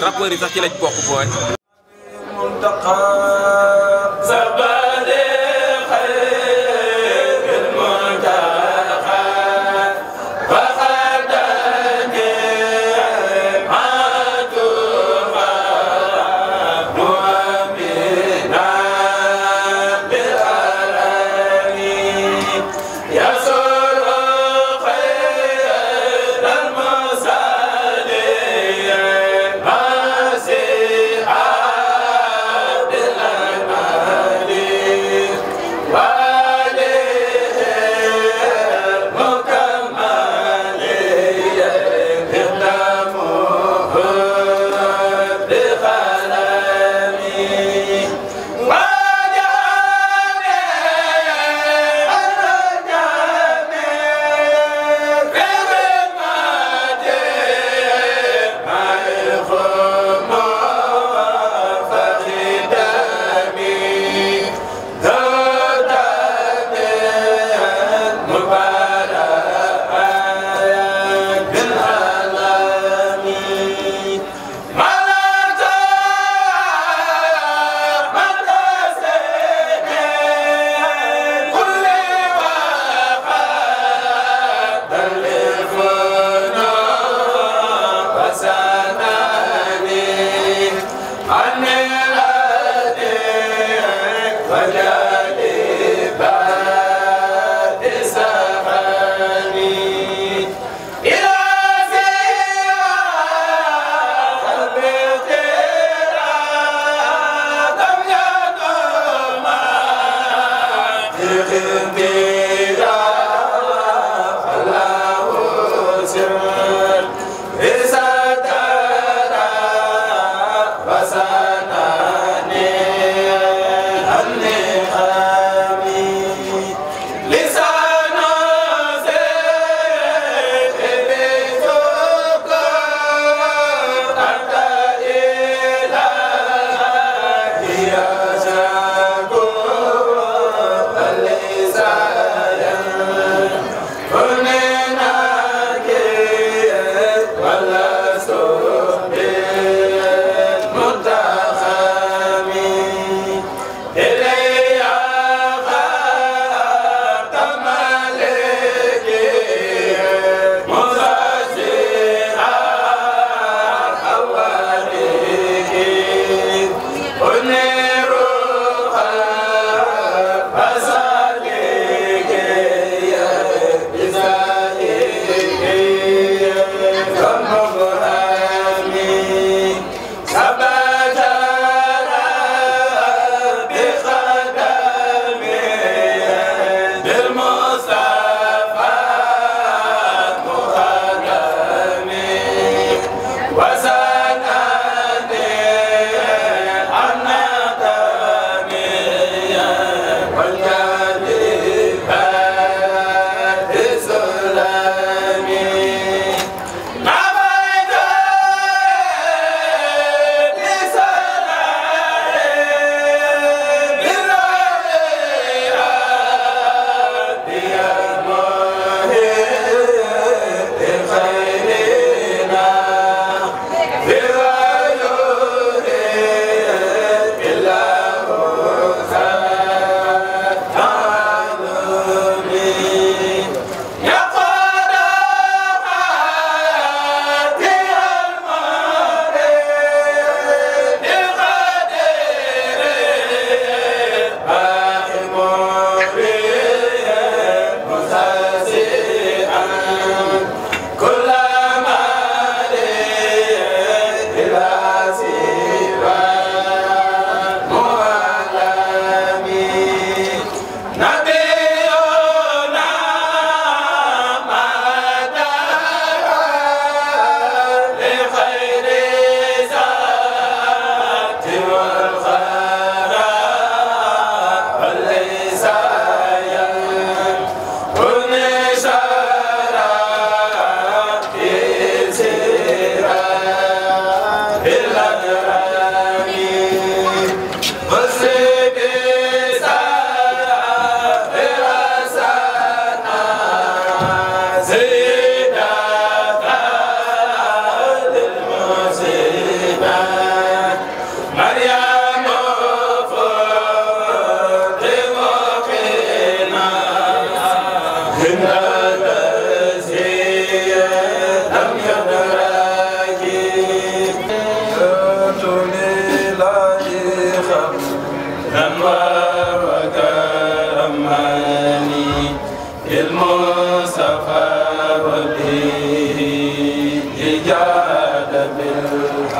rappeurs yi sax ci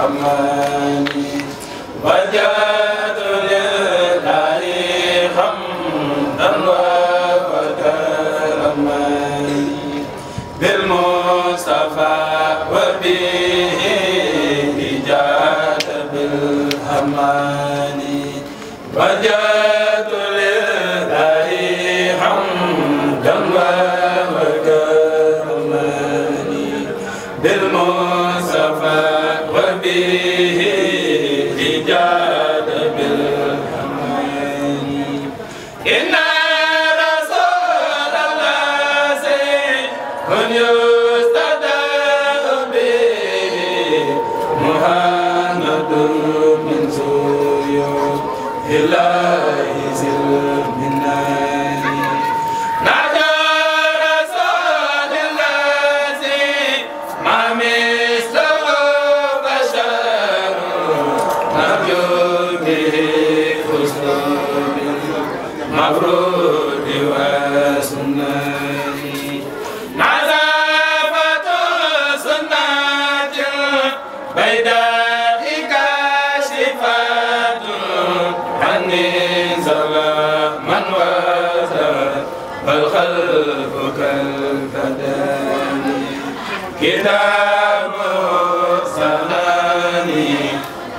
Amen.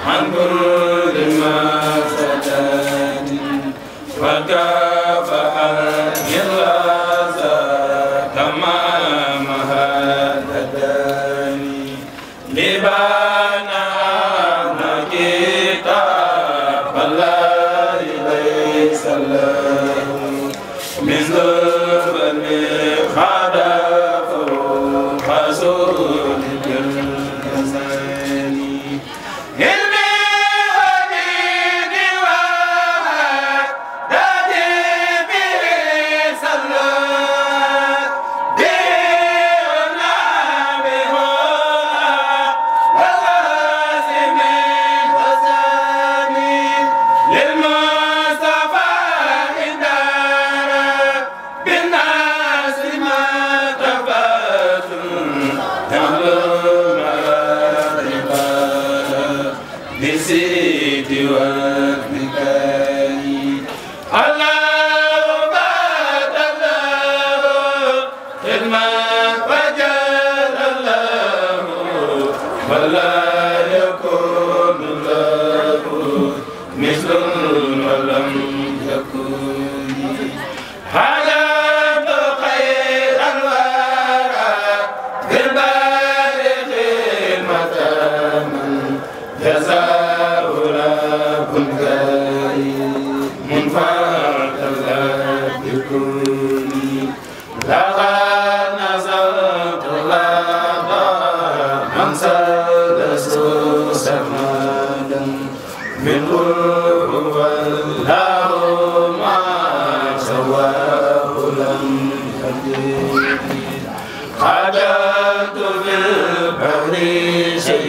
عن كل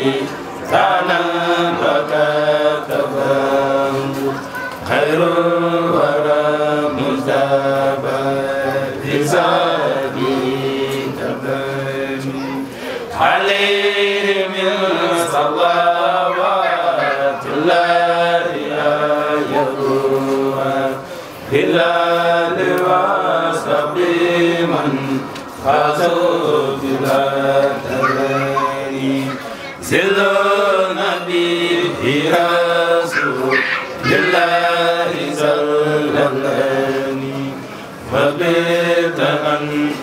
Amen.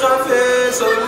Jesús,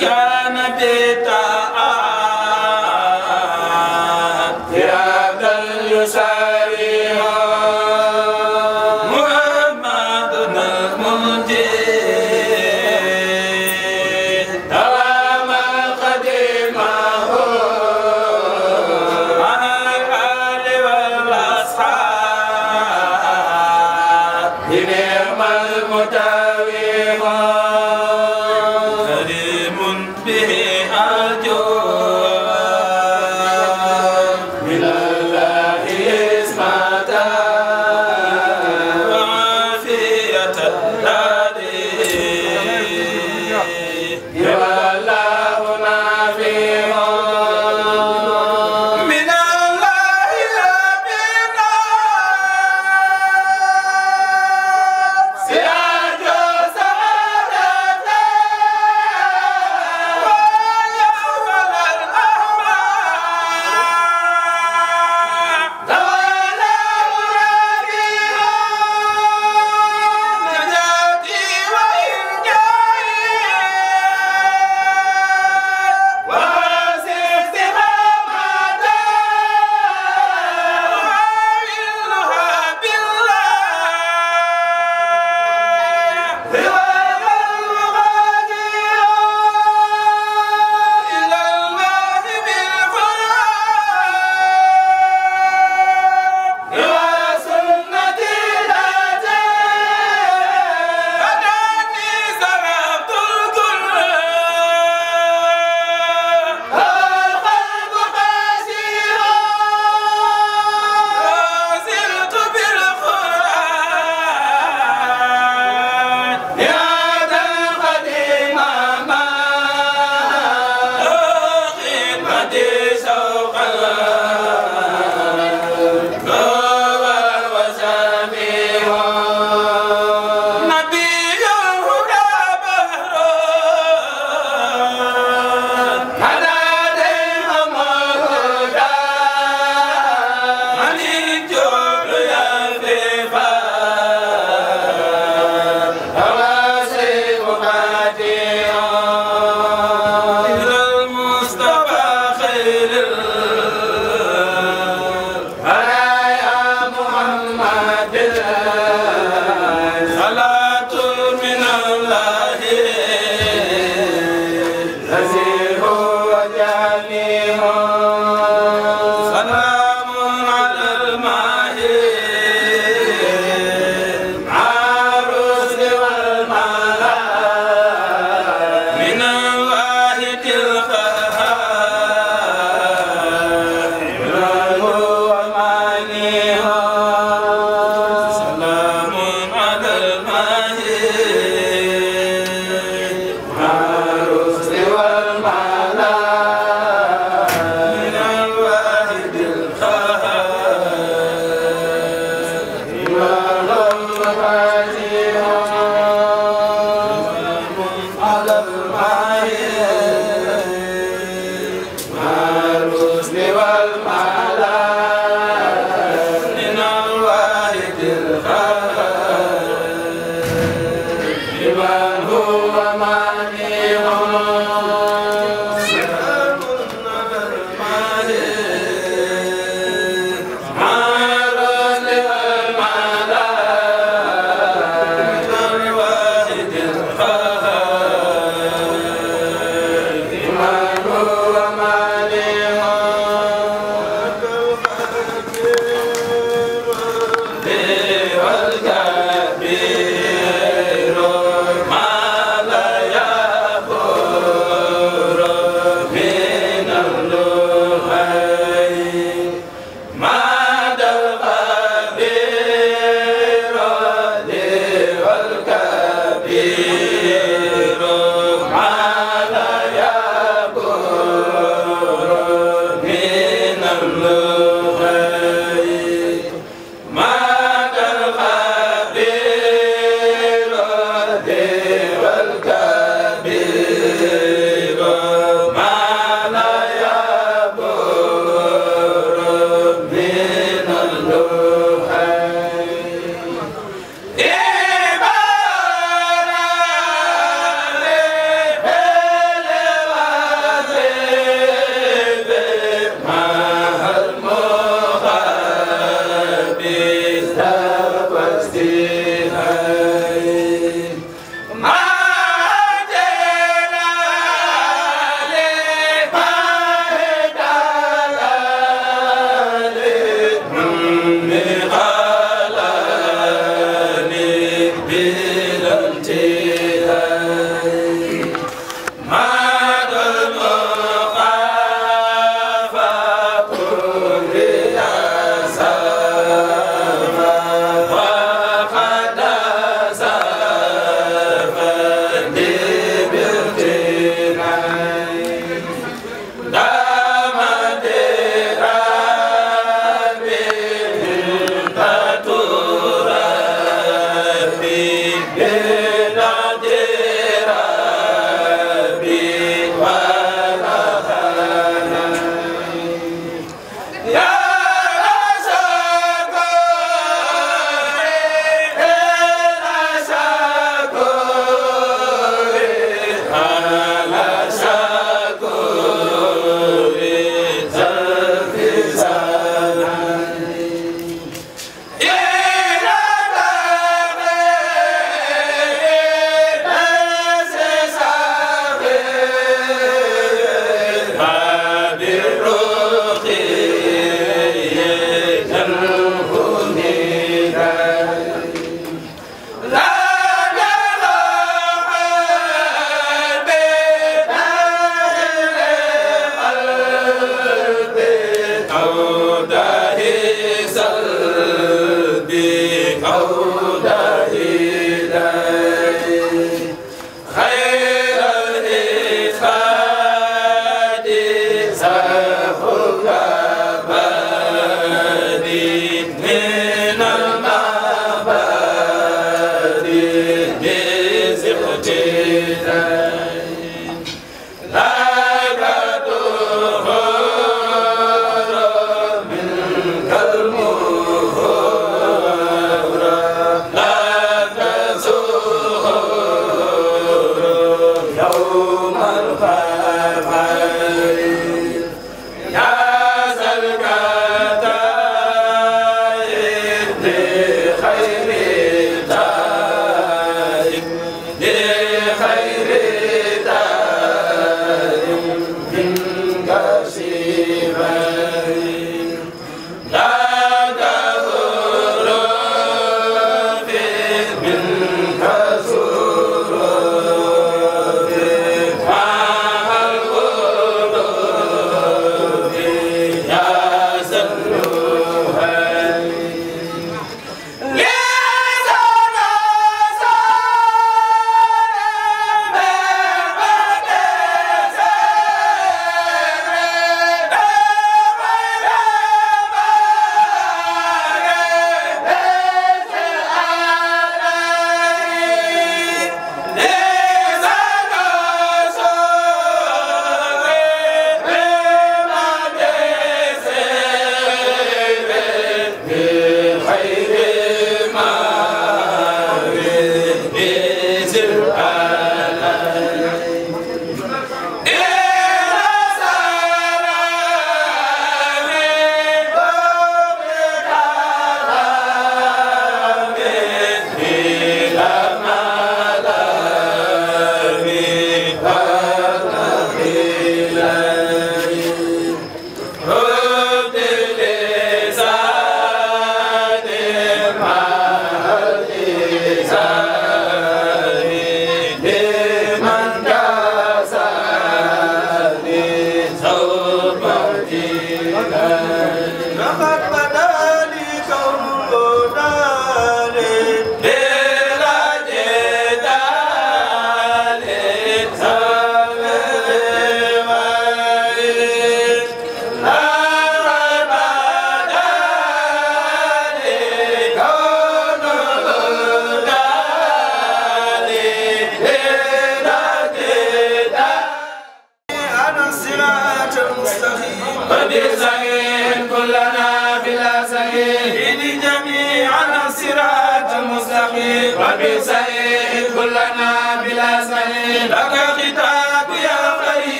Yeah.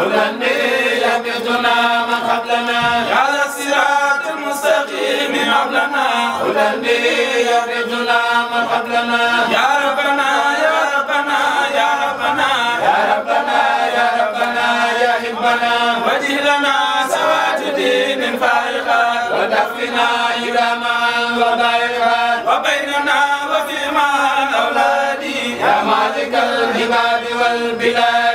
ولني لم يدنا من قبلنا على الصراط المستقيم قبلنا ولني يردنا من قبلنا يا ربنا يا ربنا يا ربنا يا ربنا يا ربنا يا حبنا وجه لنا سوات دين فارقا ودفنا إلى ما وبارقا وبيننا وفيما أولادي يا مالك العباد والبلاد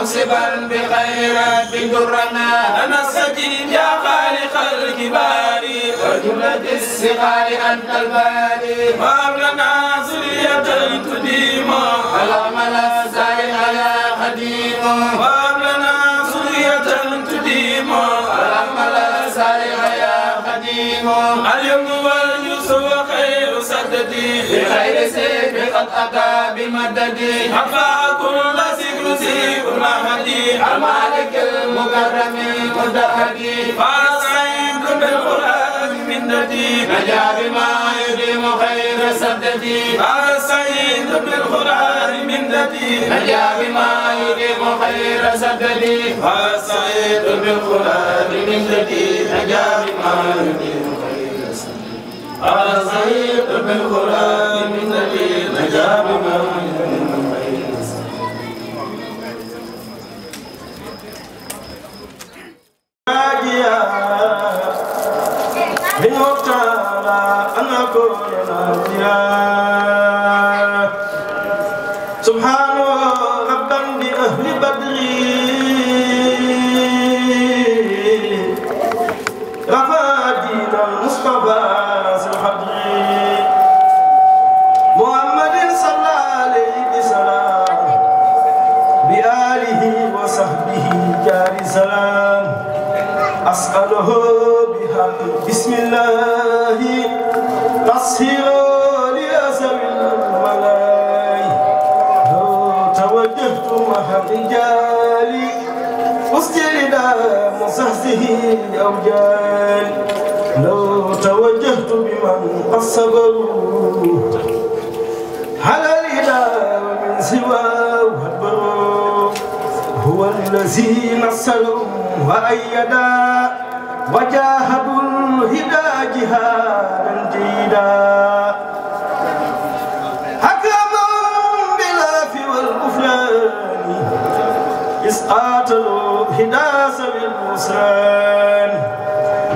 موسبا بخيرات بدرنا أنا السجيد يا خالق الكبار وجملة الصغار أنت الباري ما لنا زرية تديم على ملا زارع على قديم ما لنا زرية تديم على ملا زارع على قديم اليوم واليوم بخير سيف قد أتى بمددي أفاكم بسكر سيف المهدي المالك المكرم مدهدي فارس عينكم من منتي نجا بما يديم خير سدتي فارس عينكم بالقرآن منتي نجا بما يديم خير سدتي فارس عينكم بالقرآن منتي نجا بما يديم خير Shani to بن Al-Khraib, Minda ki adhe offerings to Sunni sir blae Thank you so مسيرا لأسر الملاي لو توجهت محق جالي مسجدا مصحزه أوجال لو توجهت بمن قد صبروا على الإله ومن سواه هبروا هو الذي نصرهم وأيدا وجاهدوا الهدى جهاد واحدا حكما بالعف والغفران إسقاط الهداس بالنصران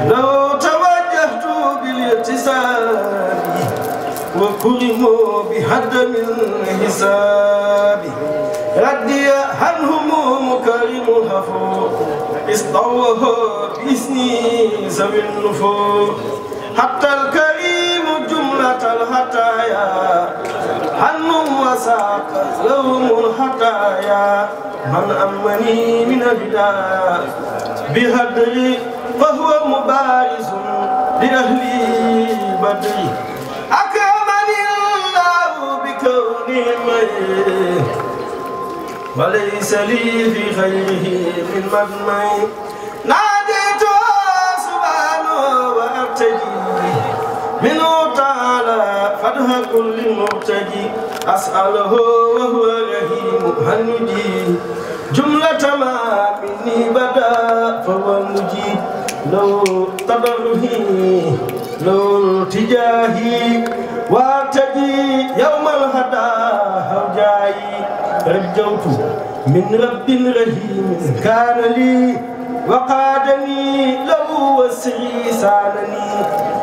لو توجهت بالابتسام وكرموا بحد من حسابي ردي عنهم مكرم غفور استوه باسمي ذوي النفور حتى الكريم الحياة هم وساق لهم الحكايا من أمني من البداية بهدري فهو مبارز لأهلي بدري أكرمني الله بكوني مي وليس لي في خيره من مدمي ناديت سبحانه وأبتدي منه تعالى فتح كل مبتدي أسأله وهو رهيم هندي جملة ما مني بدا فهو مجيب لو تبرهي لو التجاهي وارتدي يوم الهدى هوجاي رجوت من رب رحيم كان لي وقادني له وسعي سالني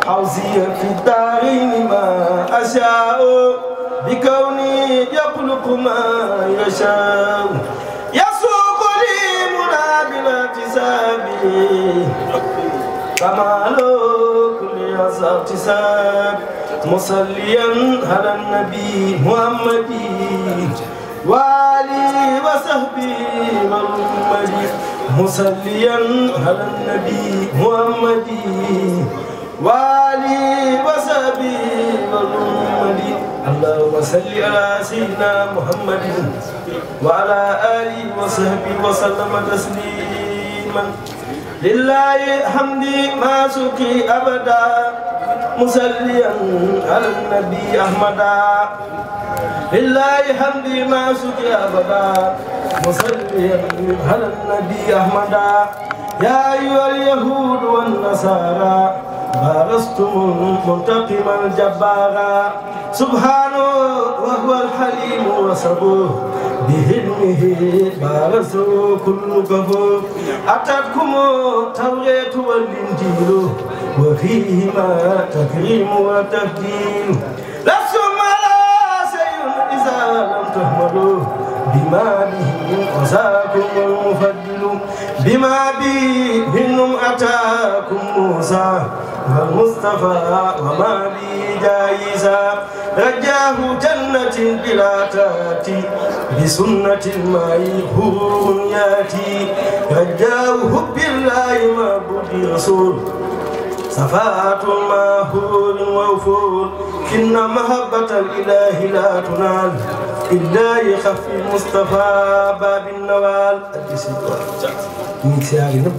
حوزي في الدارين ما أشاء بكوني يخلق ما يشاء يسوق لي منابل اعتسابي كما لو كل اعتساب مصليا على النبي محمد وآله وصحبه وأمته مصليا على النبي محمد وعلي وصحبه محمد اللهم صل على سيدنا محمد وعلى آله وصحبه وسلم تسليما لله حمدي ما سقي أبدا مسليا على النبي أحمدا لله حمدي ما سقي أبدا مسليا على النبي أحمدا يا أيها اليهود والنصارى بارست منتقما جبارا سبحانه وهو الحليم وصبور بهلمه بارز كل كفور أتاكم التوراة والإنجيل وفيهما تكريم وتفديل بما به أزاكم المفضل بما به أتاكم موسى والمصطفى وما به جائزا رجاه جنة بلا تاتي بسنة ما يكون ياتي رجاه حب الله ما بدي رسول صفات ما هو وفور إن محبة الإله لا تنال إلا يخفي مصطفى باب النوال الإسلام من سياقنا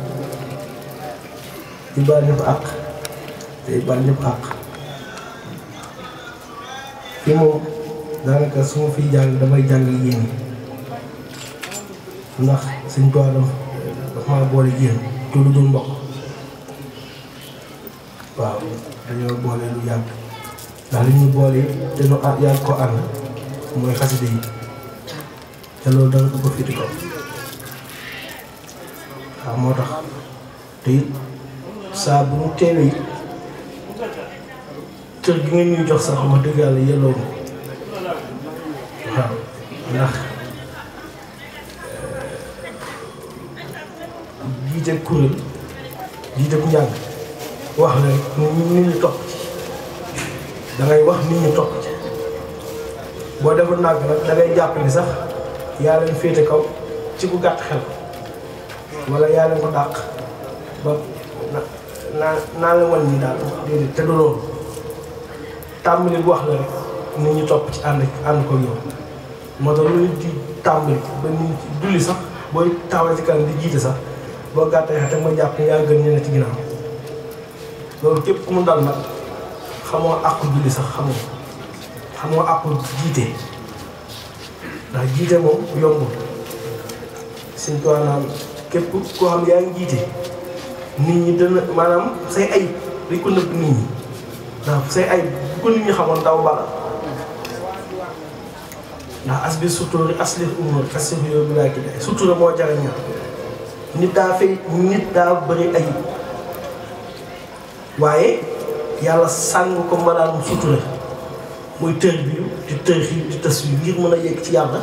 أق تبان أق kimo dana ka sumu fi jang damay jang yeen ndax seigne touba do dama boole yeen to du mbokk waaw dañu lu yàgg ndax li ñu boole yëpp dañu ah yàgg ko ànd mooy xaside yi te loolu dara du ko fiti ko waaw moo tax te it saa bu mu teewee cër gi ngeen ñuy jox sax wax dëgg yàlla yelloo waaw ndax jiite kuréel jiite njàng wax ñu ñu da ngay wax nit ñi topp ci boo deful nànk nag da ngay sax yaa leen féete kaw ci ku gàtt xel wala yaa leen ko dàq naa naa la wan ñi daal déedéet te du loolu tàmbali wax la rek nit ñi topp ci ànd ànd ko yow moo tax lu di tàmbali ba nit julli sax booy taxawal ci kan di jiite sax boo gàttee xel te ma jàpp yaa gën ñeneen ci ginnaaw loolu képp ku mu daal nag xamoo àqu julli sax xamoo xamoo àqu jiite ndax jiite moom yombul suñ ko naan képp koo xam yaa ngi jiite nit ñi dana maanaam say ayib dañ ko nëbb nit ñi xamoon ndax as moo jare ñaar nit daa fay nit daa bëri ayib waaye yalla sang ko malaanum sutura muy teur bi di teur yi di tasbir yi ngir yegg ci yalla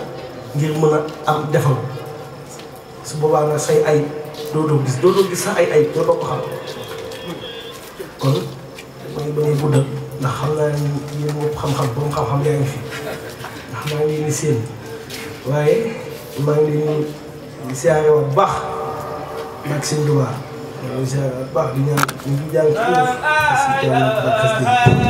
ngir mën am defal su boba nga say ay do gis do gis sax ay ay do ko xam kon may bëgg bu guddal ndax xam na ni yéen xam-xam bu xam-xam yaangi fi ndax ma ngi ni seen waye ma ngi ni di siyaare wax bax ak seen waaw incha allah baax di ñaan ñu ngi jàng ci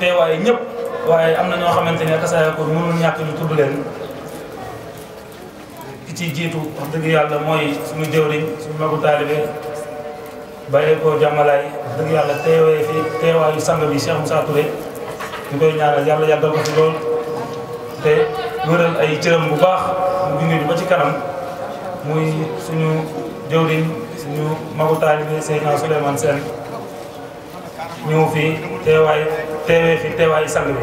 teewaayu ñëpp waaye am na ñoo xamante ne kasaaya ko mënul ñàkk ñu tudd leen ki ci jiitu wax dëgg yàlla mooy suñu jëwriñ suñu magu taalibe bàyyi ko dëgg yàlla teewee fi teewaayu sang bi Cheikh Moussa Touré ñu koy ñaanal yàlla yàggal ko fi ay cëram bu baax mu ci kanam muy suñu jëwriñ suñu magu taalibe Seydina ñëw fi teewaay teewee fi teewaayu sang bi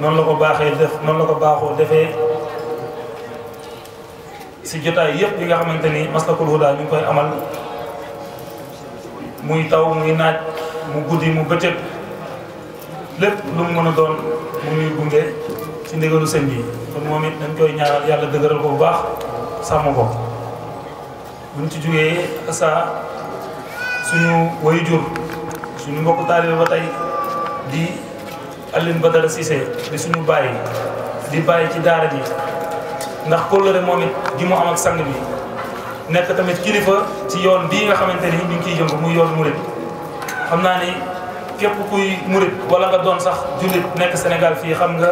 noonu la ko baaxee def noonu la ko baaxoo defee si jotaay yëpp yi nga xamante ni Maslakul daal ñu ngi koy amal muy taw muy naaj mu guddi mu bëccëg lépp lu mu mën a doon mu ñuy gunge ci ndigalu sëñ bi kon moom it dañ koy ñaanal yàlla dëgëral ko bu baax sàmm ko buñ ci jógee sa suñu wayu jur suñu mbokk taalibe ba tey di Alioune Badara Cissé di suñu bàyyi di bàyyi ci daara bi ndax kóllëre moom it gi mu am ak sang bi nekk tamit kilifa ci yoon bii nga xamante ni ñu ngi ciy yëngu muy yoon murit xam naa ni képp kuy murit wala nga doon sax jullit nekk Sénégal fii xam nga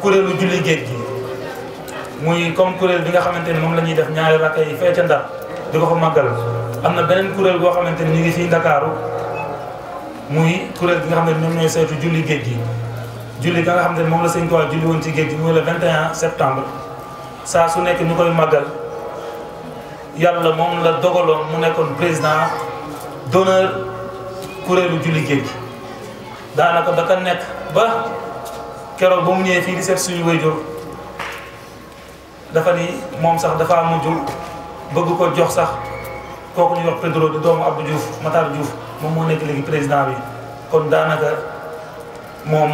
kuréelu julli géej gi muy comme kuréel bi nga xamante ni moom la ñuy def ñaari rakka yi fee ca Ndar di ko fa màggal am na beneen kuréel goo xamante ni ñu ngi Ndakaaru muy kuréel gi nga xam ne ñoom ñooy seetu julli géej gi julli ga nga xam ne moom la sëñ Tuubaa julli woon ci géej gi muy le septembre saa su nekk ñu koy màggal yàlla moom la dogaloon mu nekkoon président d'honneur kuréelu julli géej gi daanaka da nekk ba keroog ba mu ñëwee fii di seet suñu waajur dafa ni moom sax dafa mujj bëgg ko jox sax kooku ñuy wax Pedro di doomu Abdou Diouf Matar Diouf moom moo nekk léegi président bi kon daanaka moom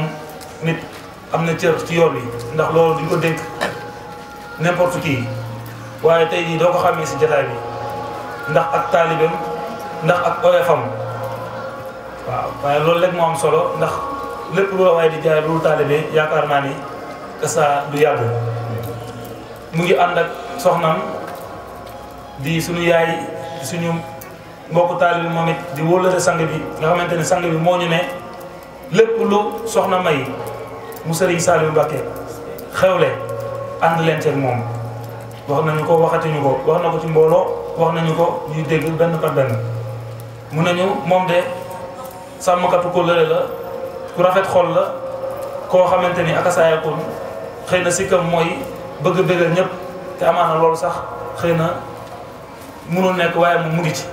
nit am na cër ci yoon yi ndax loolu duñ ko dénk n'importe kii waaye tey jii doo ko xamee si jataay bi ndax ak taalibeem ndax ak oyofam waaw waaye loolu rek moo am solo ndax lépp lu la waaye di jaay loolu taalibe yaakaar naa ni saa du yàgg mu ngi ànd ak soxnam di suñu yaay di suñu mbokk taalil moom di wóllare sang bi nga xamante ne sang bi moo ñu ne lépp lu soxna may mu sëriñ Saliou Mbacké xewle ànd leen ceeg moom wax nañu ko waxatuñu ko wax na ko ci mbooloo wax nañu ko ñuy dégg benn par benn mu nañu moom de sàmmkatu kóllëre la ku rafet xol la koo xamante ni akasaayakun xëy na sikkam mooy bëgg bëggal ñëpp te amaana loolu sax mënul nekk waaye mu ngi ci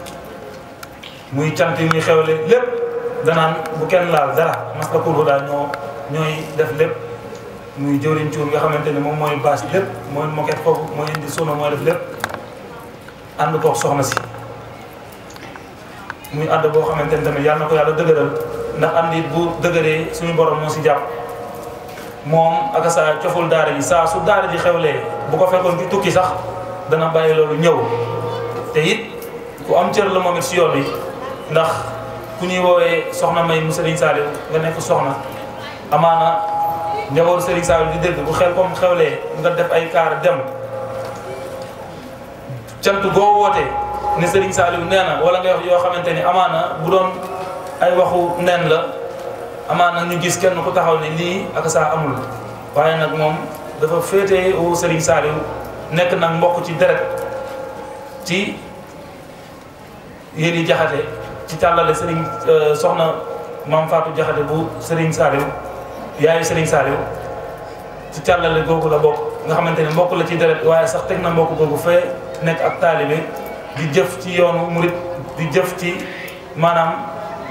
muy cant yi muy xewle lépp danaa bu kenn laal dara maska kurbu daal ñoo ñooy def lépp muy jëwriñ cuur nga xamante ni moom mooy baas lépp mooy moket foofu mooy indi suuna mooy def lépp soxna si muy ànd boo xamante ni tamit yàlla na ko yàlla dëgëral ndax ànd it bu dëgëree suñu borom moo si jàpp moom ak saa coful daara ji saa su daara ji xewlee bu ko fekkoon ci tukki sax dana bàyyi loolu ñëw te it ku am cër la moom it si yoon bi ndax ku ñuy woowee soxna may mu Serigne Saliou nga nekk soxna amaana njaboot Serigne Saliou di dégg bu xel comme xewlee nga def ay kaar dem cant boo wootee ne sëriñ Saliou nee na wala nga wax yoo xamante ni amaana bu doon ay waxu neen la amaana ñu gis kenn ku taxaw ne lii ak saa amul waaye nag moom dafa féetee wu Serigne nekk nag mbokk ci deret ci yéen jaxate ci tàllale sëriñ euh, soxna mam Fatou jaxate bu sëriñ saliw yaayu sëriñ saliw ci tàllale googu la bokk nga xamante ne mbokk la ci deret waaye sax teg na mbokk googu fee nekk ak taalibe di jëf ci yoonu murit di jëf ci maanaam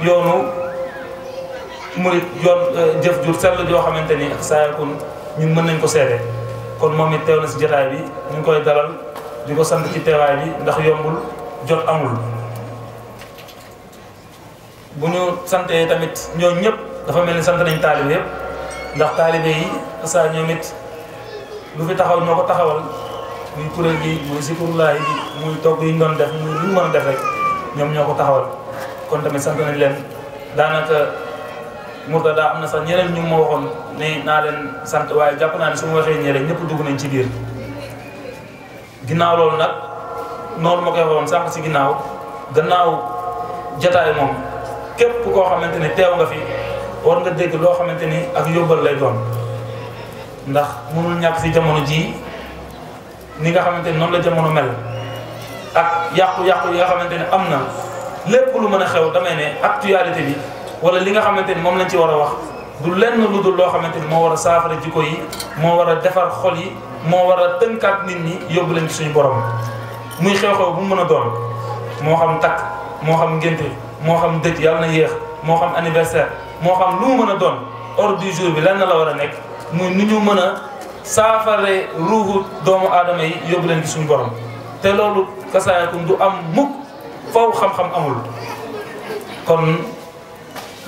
yoonu murit yoon euh, jëf jur sell joo xamante ni ak saayakun ñun mën nañ ko seede kon moom it teew na si jotaay bi ñu koy dalal di ko sant ci teewaay bi ndax yombul jot amul bu ñu santee tamit ñooñu ñëpp dafa mel ni sant nañ taalibe yëpp ndax taalibe yi saa ñoom lu fi taxaw ñoo ko taxawal muy kuréel gi muy sikurulaay bi muy togg yi doon def muy lu ñu mën ñoom ñoo ko taxawal kon tamit sant nañ leen daanaka Mourtada daa am na sax ñeneen ñu ma waxoon ni naa leen sant waaye jàpp naa ne su ma waxee ñee rek ñëpp dugg nañ ci biir ginnaaw loolu nag noonu ma koy waxoon sànq si ginnaaw gannaaw jataay moom képp koo xamante ni teew nga fi war nga dégg loo xamante ni ak yóbbal lay doon ndax mënul ñàkk si jamono ji ni nga xamante ni noonu la jamono mel ak yàqu-yàqu yi nga xamante ne am na lépp lu mën a xew damay ne actualité bi wala li nga xamante ni moom lañ ci war a wax du lenn lu dul loo xamante ni moo war a saafara jikko yi moo war a defar xol yi moo war a tënkaat nit ñi yóbbu leen ci suñu borom muy xew-xew bu mu mën a doon moo xam takk moo xam ngénte moo xam dëj yàlla na yéex moo xam anniversaire moo xam lu mu mën a doon ordre du jour bi lenn la war a nekk muy nu ñu mën a saafare ruuxu doomu aadama yi yóbbu leen ci suñu borom te loolu kasaayakum du am mukk faw xam-xam amul kon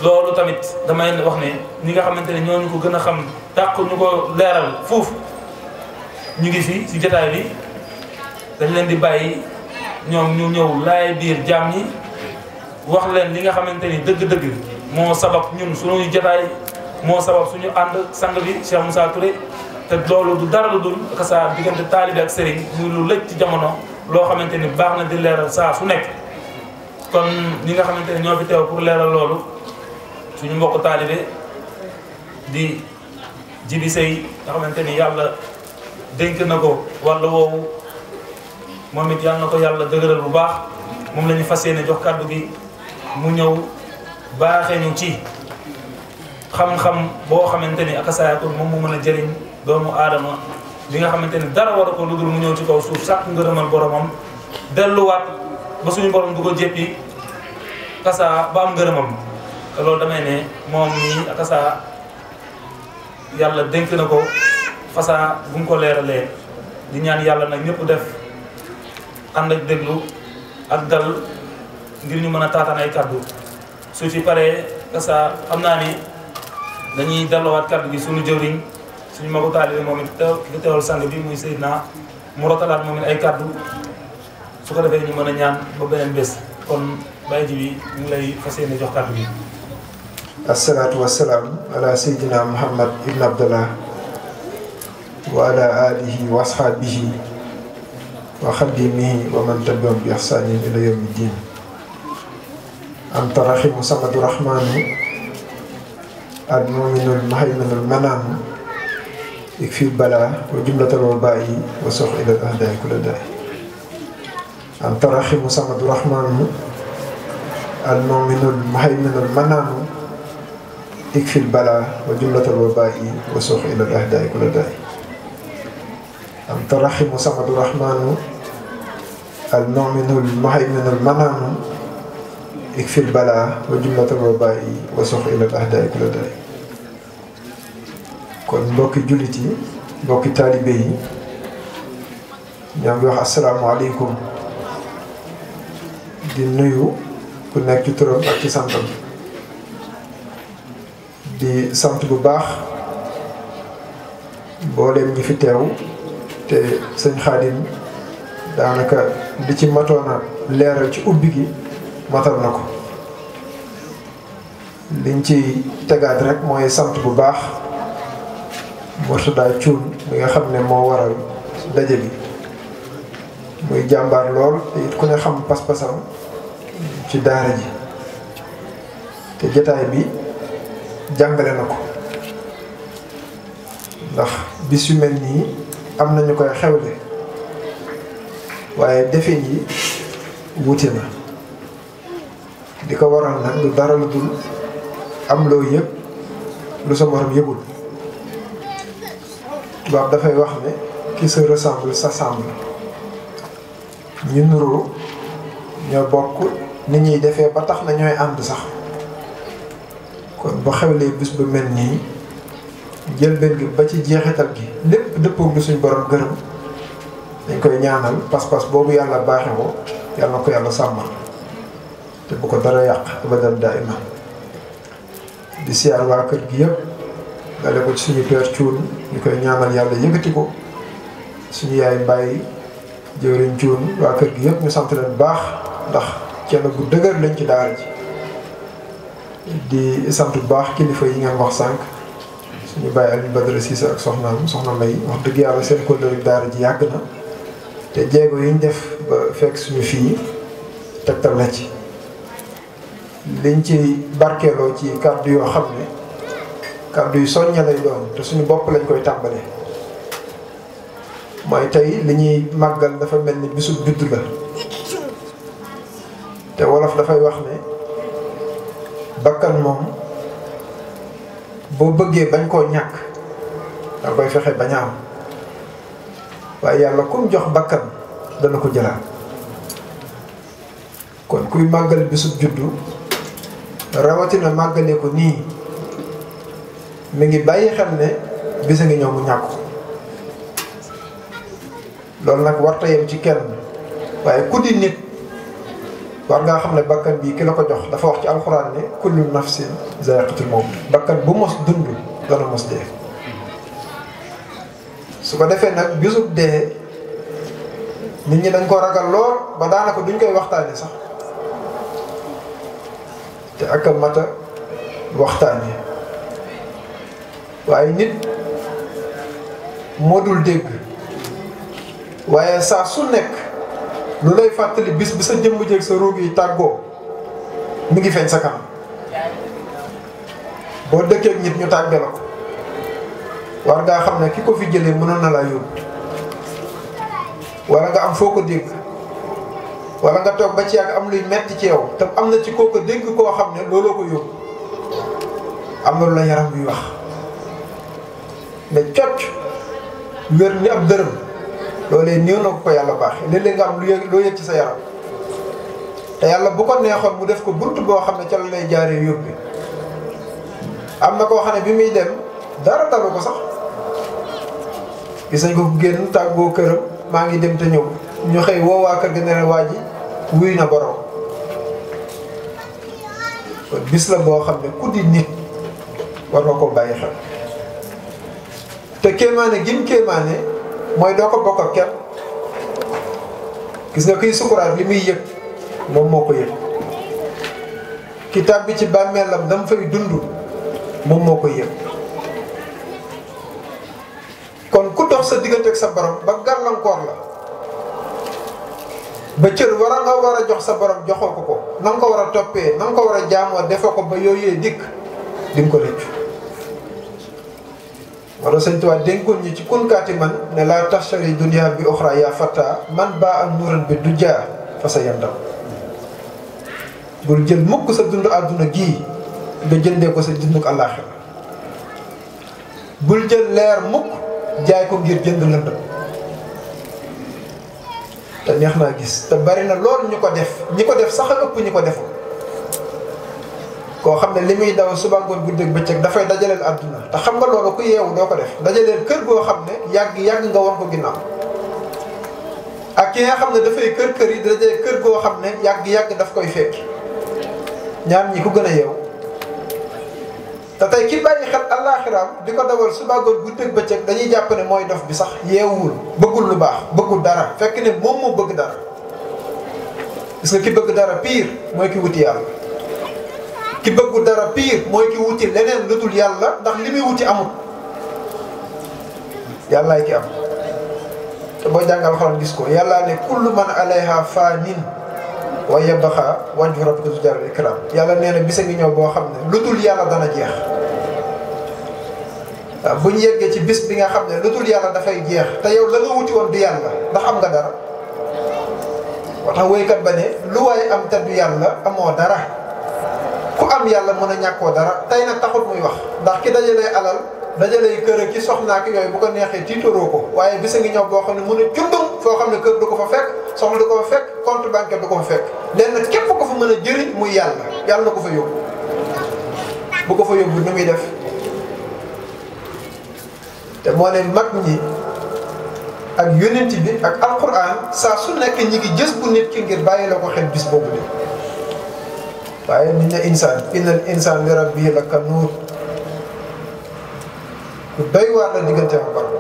loolu tamit damay wax ne ñi nga xamante ne ñooñu ko gën a xam dàq ñu ko leeral foofu ñu ngi fi ci jotaay bi dañ leen di bàyyi ñoom ñu ñëw laay biir jaam yi wax leen li nga xamante ni dëgg-dëgg moo sabab ñun suñuy jotaay moo sabab suñu ànd sang bi Cheikh Moussa Touré te loolu du dara lu dul xasaar diggante taalibe ak sëriñ muy lu lëj ci jamono loo xamante ni baax na di leeral saa su nekk kon ñi nga xamante ni ñoo fi teew pour leeral loolu suñu mbokk taalibe di jibi sëy nga xamante ni yàlla dénk na ko wàllu woowu moom it yàlla na ko yàlla dëgëral bu baax moom lañu fas yéene jox kàddu gi mu ñëw baaxee ñu ci xam-xam boo xamante ni akasaayatul moom mu mën a jëriñ doomu aadama li nga xamante ni dara war a ko lu dul mu ñëw ci kaw suuf sàkk ngërëmal boromam delluwaat ba suñu borom du ko jéppi kasaa ba am ngërëmam te loolu damay ne moom nii akasaa yàlla dénk na ko fasaa bu mu ko leeralee di ñaan yàlla nag ñëpp def ànd ak déglu ak dal ngir ñu mën a taataan ay kaddu su ci paree kasa xam naa ni dañuy delloowaat kaddu gi suñu jëwriñ suñu magu taalibe moom it teew ki teewal sang bi muy Seydina mu rotalaat moom it ay kaddu su ko defee ñu mën a ñaan ba beneen bés kon bàyyi ji bi ñu lay fas yéene jox kaddu gi. asalaatu wasalaam ala Seydina Muhammad ibn Abdallah wa alihi wa ashabihi wa xadimihi wa man tabiahum bi ihsanin ila yawmi din عن تراخي مسمد رحمن المؤمن المهيمن المنام يكفي البلاء وجملة الوباء وسوق إلى الأهداء كل داء عن تراخي مسمد رحمن المؤمن المهيمن المنام يكفي البلاء وجملة الوباء وسوق إلى الأهداء كل داء عن تراخي مسمد رحمن المؤمن المهيمن المنام اكفي البلاء وجملة الرباعي وسخ إلى الأهداء كل داي كون بوكي جولتي بوكي طالبي نعم يوح السلام عليكم دي نيو كل نكتي ترم أكي سنتم دي سنت بباخ بولم نفي تيو تي سن خادم دانا كا دي تي ماتونا ليرل تي اوبيكي matal na ko liñ ci tegaat rek mooy sant bu baax Mourtada Thioune mi nga xam ne moo waral daje bi muy jàmbaar lool te it ku ne xam pas-pasam ci daara ji te jataay bi jàngale na ko ndax bis nii am na ñu koy xewle waaye defin yi wuute na diko waral nak lu dara lu dul am lo yeb lu sa morom yëgul da fay wax ne ki se ressemble semble ñu nuro ñoo bokku ni ñi defé ba tax na ñoy and sax kon bu xewlee bis bu mel jël ben gi ba ci jeexital gi lepp dëppoog lu suñu borom gëreum dañ koy ñaanal pass bobu yalla baxé baaxewoo yalla ko yalla sammal te bu ko dara yàq abadan daayima waa kër gi yëpp dale ko ci suñu père Thioune ñu koy ñaanal yàlla yëkkati ko suñu yaay Mbaye jëwriñ Thioune waa kër gi yëpp ñu sant leen bu baax ndax kenn gu dëgër lañ ci daara ji di sant bu baax kilifa yi ngeen wax sànq suñu bàyyi Aliou Badara Cissé ak soxnaam soxna May wax dëgg yàlla seen kóllëre daara ji yàgg na te jéego yi ñu def ba fekk suñu fii tegtal na ci dañ ci barkeeloo ci kàddu yoo xam ne kàddu yu soñña lay te suñu bopp lañ koy tàmbale mooy tey li ñuy màggal dafa mel ni bisu juddu la te wolof dafay wax ne bakkan moom boo bëggee bañ koo ñàkk da koy fexe bañ waaye yàlla kum jox bakkan dana ko jëlaat kon kuy màggal bisu juddu na magale ko ni mi ngi baye xamne bis nga ñoo mu ñàkku lool nak warta yem ci kenn waye ku di nit war nga xamne bakkan bi ki la ko jox dafa wax ci alquran ne kullu nafsin zaiqatul maut bakkan bu mos dund dana mos def su ko defé nak bisu de nit ñi dañ ko ragal lool ba daanaka duñ koy waxtane sax te ak a waxtaane waaye nit moo dul dégg waaye saa su nekk lu lay fàttali bis bi sa jëmm jeeg sa ruug yi tàggoo mi ngi feeñ sa kanam boo dëkkee ak nit ñu tàgge ko war ngaa xam ne ki ko fi jëlee mënoon na laa yóbbu wala nga am foo ko dégg wala nga toog ba ci yàgg am luy metti ci yow te am na ci kooku dénk koo xam ne looloo ko yóbbu am na lu la yaram buy wax ne cocc wér ni ab dërëm loolee néew na ko ko yàlla baaxee léeg-léeg nga am lu yëg loo yëg ci sa yaram te yàlla bu ko neexoon mu def ko bunt boo xam ne ca la lay jaaree yóbbi am na koo xam ne bi muy dem dara dalu ko sax gis nañ ko génn tàggoo këram maa ngi dem te ñëw ñu xëy woo kër gi ne waa ji wuy na borom kon bis la boo xam ne ku di nit war nga ko bàyyi xel te kéemaane gim kéemaane mooy doo ko bokk ak kenn gis nga kiy sukuraat li muy yëg moom moo ko yëg ki bi ci bàmmeelam dama fay dund moom moo ko yëg kon ku dox sa diggante ak sa borom ba gàllankoor la ba cër war nga war a jox sa borom joxoo ko ko na ko war a toppee na ko war a jaamoo defoo ko ba yooyee dikk di ko rëccu wala sëñ Tuubaa dénkoon ñu ci kunkaati man ne laa taxtari dunia bi oxra yaa man baa am nuuran bi jaa fa sa yandam bul jël mukk sa dund àdduna gii nga jëndee ko sa dunduk àllaaxira bul jël leer mukk jaay ko ngir jënd lëndëm te neex naa gis te bari na loolu ñu ko def ñi ko def sax ëpp ñu ko deful koo xam ne li muy daw suba ngoon guddeeg bëccëg dafay dajaleel àdduna te xam nga loolu ku yeewu doo ko def dajaleel kër goo xam ne yàgg yàgg nga wan ko ginnaaw ak ki nga xam ne dafay kër kër yi dajaleel kër goo xam ne yàgg yàgg daf koy fekk ñaar ñi ku gën a yeewu te tey ki bàyyi xel àllaaxiraam di ko dawal suba ngoon guddeeg bëccëg dañuy jàpp ne mooy dof bi sax yeewul bëggul lu baax bëggul dara fekk ne moom moo bëgg dara gis nga ki bëgg dara piir mooy ki wuti yàlla ki bëggul dara piir mooy ki wuti leneen lu dul yàlla ndax li muy wuti amul yàllaay ki am te boo jàngal xool gis ko yàllaa ne kullu man alayha faanin wa yabqa wajhu rabbika zu jalaali wal ikraam yàlla nee na bisa ngi ñëw boo xam ne lu dul yàlla dana jeex bu ñu yeggee ci bis bi nga xam ne lu dul yàlla dafay jeex te yow la nga wuti woon du yàlla ndax am nga dara moo tax woykat ba ne lu waaye am te du yàlla amoo dara ku am yàlla mën a ñàkkoo dara tey nag taxut muy wax ndax ki dajalee alal dajalay kër ak ki soxna yooyu bu ko neexee tiitaroo ko waaye bisa ngi ñëw boo xam ne mun a cundum foo xam ne kër du ko fa fekk soxla du ko fa fekk compte bancaire du ko fa fekk lenn képp ko fa mën a jëriñ muy yàlla yàlla na ko fa yóbbu bu ko fa yóbbu nu muy def te moo ne mag ñi ak yonent bi ak alquran saa su nekk ñi ngi jës bu nit ki ngir bàyyi la ko xel bis boobu de waaye nit ne insaan innal insaan li rabbihi lakanuur lu doy waar a diggante ak borom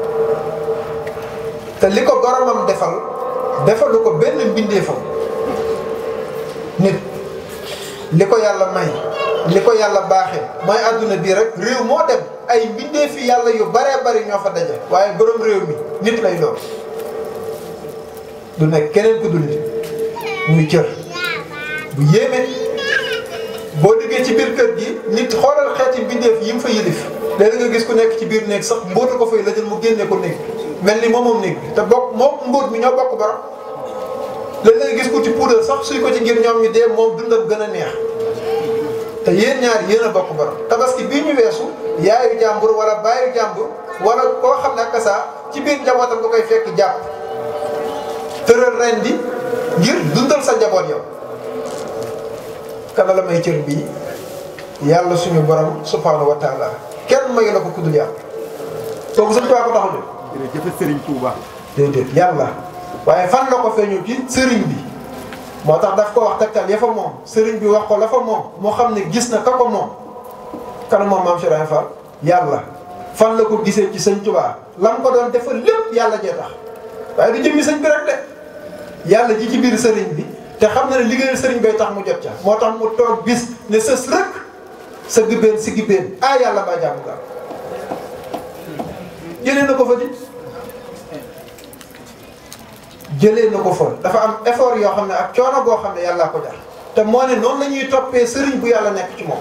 te li ko boromam defal defalu ko benn mbindeefam nit li ko yàlla may li ko yàlla baaxee mooy àdduna bii rek réew moo dem ay mbindeefi yàlla yu baree bari ñoo fa daje waaye borom réew mi nit lay doon du nekk keneen ku dul nit muy bu yéeme boo duggee ci biir kër gi nit xoolal xeeti mbindeef yi mu fa yilif léegi nga gis ku nekk ci biir néeg sax mbóotu ko fay la jël mu génne ko néeg mel ni moomam néeg bi te bokk moom mbóot mi ñoo bokk borom léegi nga gis ku ci puudar sax suy ko ci ngir ñoom ñu dee moom dundam gën a neex te yéen ñaar yéen a bokk borom tabaski bii ñu weesu yaayu jàmbur wala baayu jàmbur wala koo xam ne ak saa ci biir njabootam nga koy fekk jàpp tëral ren di ngir dundal sa njaboot yow kan la may cër bii yàlla suñu borom subhanahu wa taala kenn mayu la ko ku dul yàlla kooku sëñ Tuubaa ko taxaw de. jërëjëf Serigne Touba. yàlla waaye fan la ko feeñu ci sëriñ bi moo tax daf ko wax tegtal ya fa moom sëriñ bi wax ko la fa moom moo xam ne gis na ka ko moom kan moom maam Serigne Fall yàlla fan la ko gisee ci sëñ Tuubaa lan ko doon defal lépp yàlla jee tax waaye du jëmmi sëñ bi rek de yàlla ji ci biir sëriñ bi te xam na ne liggéeyal sëriñ bay tax mu jot ca moo tax mu toog bis ne sës rek. سجبين سجبين ايا لا بجامعه جلين نقفه جلين نقفه دفع افور يوحنا اكون اغوحنا يلا كدا تموني نون لن يطبق سرين بيا لنا كتمو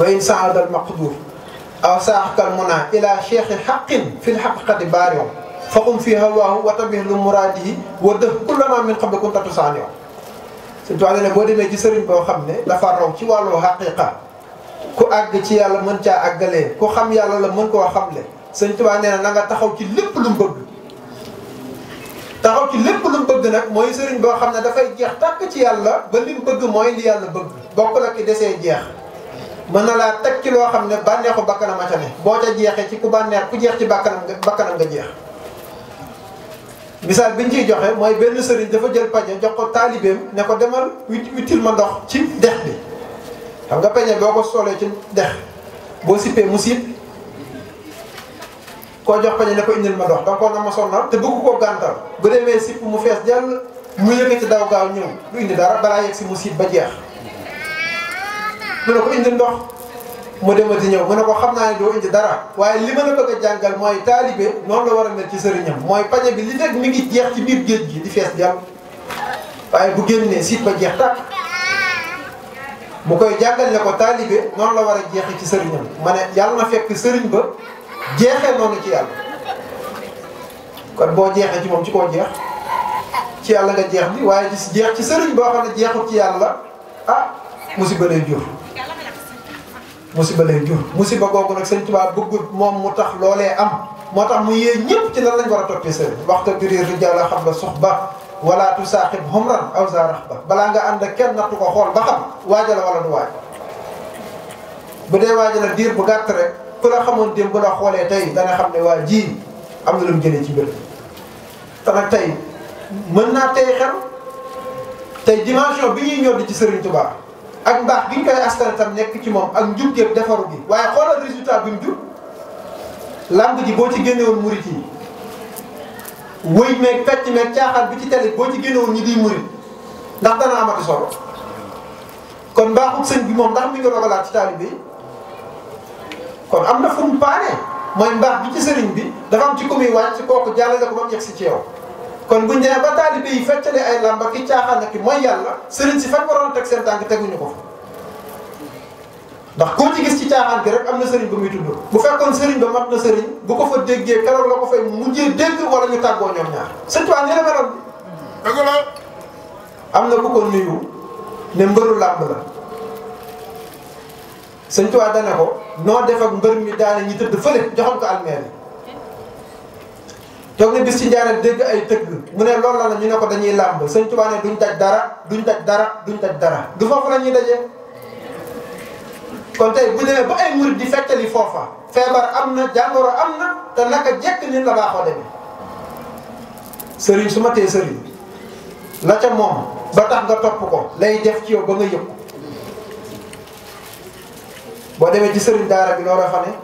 وين سعد المقدور او ساحك المنى الى شيخ حق في الحق قد باريو فقم في هواه وتبه لمراده وده كل ما من قبل كنت تسعني suñ tubaab ne boo demee ci sëriñ boo xam ne dafa raw ci wàllu xaqiqa ku àgg ci yàlla mën caa àggalee ku xam yàlla la mën koo xamle sëñ tubaab nee na nga taxaw ci lépp lu mu bëgg taxaw ci lépp lu mu bëgg nag mooy sëriñ boo xam ne dafay jeex tàkk ci yàlla ba li mu bëgg mooy li yàlla bëgg bokk la ki desee jeex mën na laa teg ci loo xam ne bànneexu bakkanam a ca ne boo ca jeexee ci ku bànneex ku jeex ci bàkkanam nga bakkanam nga jeex misaal bi ñu ciy joxe mooy benn sëriñ dafa jël pañe jox ko taalibeem ne ko demal witil ma ndox ci dex bi xam nga pañe boo ko soolee ci dex boo sippee mu siit koo jox pañe ne ko indil ma ndox donc koo na ma sonnal te bëgg koo gàntal bu demee sipp mu fees jàll mu yëkk ci daw gaaw ñëw lu indi dara balaa yegg si mu siit ba jeex mu ne ko indil ndox mu demati ñëw mu ne ko xam naa ne doo indi dara waaye li ma la bëgg a jàngal mooy taalibe noonu la war a mel ci sëriñam mooy paje bi li fekk mu ngi jeex ci biir géej gi di fees jàll waaye bu génnee siit ba jeex tàkk mu koy jàngal ne ko taalibe noonu la war a jeexee ci sëriñam ma ne yàlla na fekk sëriñ ba jeexee noonu ci yàlla kon boo jeexee ci moom ci koo jeex ci yàlla nga jeex bi waaye ci jeex ci sëriñ boo xam ne jeexut ci yàlla ah musiba lay jur musiba leen jur musiba googu nag sëñ Tuubaa bëggut moom mu tax loolee am moo tax mu yee ñëpp ci lan lañ war a toppee sëñ waxta birir rijal la xam la suux ba wala tu saaxib humran aw sa rax ba balaa nga ànd ak kenn nattu ko xool ba xam waajal wala du waaj bu dee waajal diir bu gàtt rek ku la xamoon démb bu la xoolee tey dana xam ne waa ji am na lu ci mbir te tey mën naa tey xel tey dimension bi ñuy ñor di ci Sëriñ Tuubaa ak mbaax bi ñu koy askan tam nekk ci moom ak njub gépp defaru gi waaye xoolal résultat bi mu jur làmb ji boo ci génnewoon murit yi wëy meeg fecc meeg caaxaan bi ci tele boo ci génnewoon ñi di murit ndax dana amati solo kon mbaaxut sëñ bi moom ndax mi nga rogalaat ci taalib bi kon am na fu mu paane mooy mbaax bi ci sëriñ bi dafa am ci ko muy ci kooku jàllale ko ba mu si ci yow kon bu ñu demee ba taalibe yi feccale ay làmb ak i caaxaan ak i mooy yàlla sëriñ si fan waroon teg seen tànk teguñu ko ndax koo ci gis ci caaxaan gi rek am na sëriñ ba muy tudd bu fekkoon sëriñ ba mat na sëriñ bu ko fa déggee keroog la ko fay mujjee dégg wala ñu tàggoo ñoom ñaar sëñ Tuubaa ni la meloon dëgg la am na ku ko nuyu ne mbëru làmb la sëñ Tuubaa ko noo def ak mbër mi daane ñi tëdd fële joxoon ko almeer yi toog na bis ci njaareem dégg ay tëgg mu ne loolu la la ñu ne ko dañuy làmb sëñ Tuubaa ne duñ daj dara duñ daj dara duñ daj dara du foofu la ñuy dajee kon tey bu demee ba ay murid di fettali foofa feebar am na jàngoro am na te naka jekk nit la baaxoo demee sëriñ su ma tee sëriñ la ca moom ba tax nga topp ko lay def ci yow ba nga yëg boo demee ci sëriñ daara bi looloo fa ne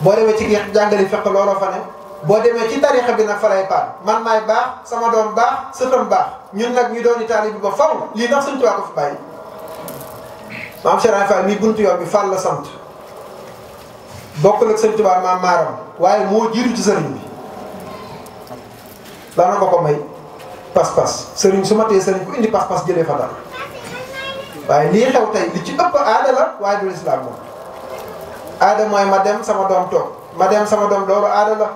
boo demee ci jàngali fekk looloo fa ne boo demee ci tarixa bi nag fa lay paan man maay baax sama doom baax sëtam baax ñun nag doon dooni bi ba faw lii nag suñ tuwaa ko fi bàyyi maam Cheikh Fall mii buntu yoon bi Fall la sant bokk nag sëñ Tuubaa maam maaram waaye moo jiitu ci sëriñ bi dana ko ko may pas-pas sëriñ su ma tee sëriñ ku indi pas-pas jëlee fa dara waaye lii xew tey li ci ëpp aada la waaye du lislaam moom aada mooy ma dem sama doom toog ma dem sama doom loolu aada la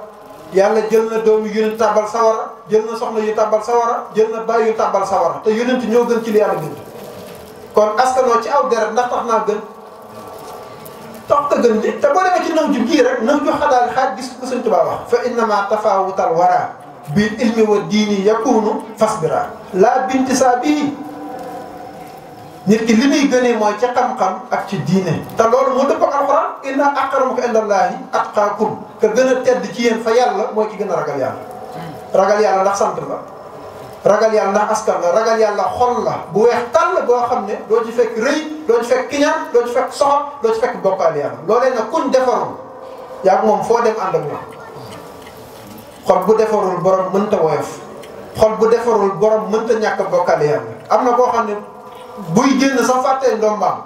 yàlla jël na doom yu yonent tàbbal sawara jël na soxna yu tàbbal sawara jël na baay yu tàbbal sawara te yonent ñoo gën ci li yàlla bind kon askanoo ci aw deret ndax tax naa gën tax te gën di te boo demee ci naw ju gii rek naw ju xadaal xaaj gis ko Sëñ Tuubaa wax fa innama tafawutal wara bil ilmi wa diini yakunu fasbira laa binti bii nit ki limuy gëné moy ci xam xam ak ci diiné ta loolu mo dëpp alquran inna akramakum indallahi atqakum ka gëna tedd ci yeen fa yalla moy ki gëna ragal yalla ragal yalla ndax sant la ragal yalla ndax askan la ragal yalla xol la bu wex tal bo xamné do ci fekk reuy do ci fekk kiñaan do ci fekk soxor do ci fekk bokal yalla lolé na kuñ ya yak mom fo dem and ak mom xol bu défarul borom mën ta woyof xol bu défarul borom mën ta ñak bokal yalla amna bo xamné buy génn sax fàttee ndombaam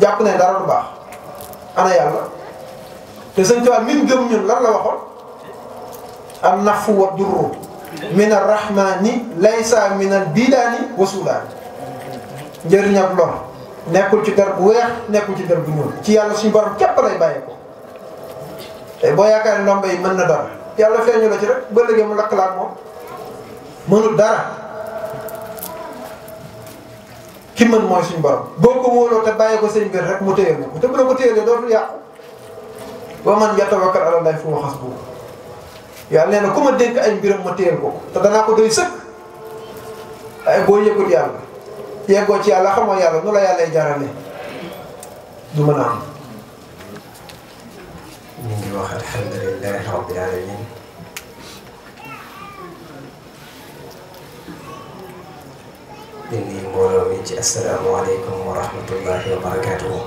jàpp ne dara lu baax ana yàlla te sëñ Tuubaa min gëm ñun lan la waxoon am nafu wa durru min arrahmani laysa min al bidaani wa sudaani njëriñ ak lor nekkul ci der bu weex nekkul ci der bu ñuul ci yàlla suñu borom képp lay bàyyi ko te boo yaakaar ne ndomba yi mën na dara yàlla feeñu la ci rek ba léegi mu lakk la moom mënul dara ki mën mooy suñu borom boo ko wóoloo te bàyyi ko seen biir rek mu téye ko te bu la ko téyelee dootul yàqu wa man yatawakkal ala llaahi fa na ku ma dénk ay mbiram ma téyel ko te danaa ko doy sëkk ay boo yëgut yàlla yeggoo ci yàlla xamoo yàlla nu la yàlla ay jaarale du mën a am ñu ngi wax alhamdulilahi rabbil alamin di nuyu mbooloo mi ci asalaamaaleykum wa rahmatullahi wa barakaatuhu.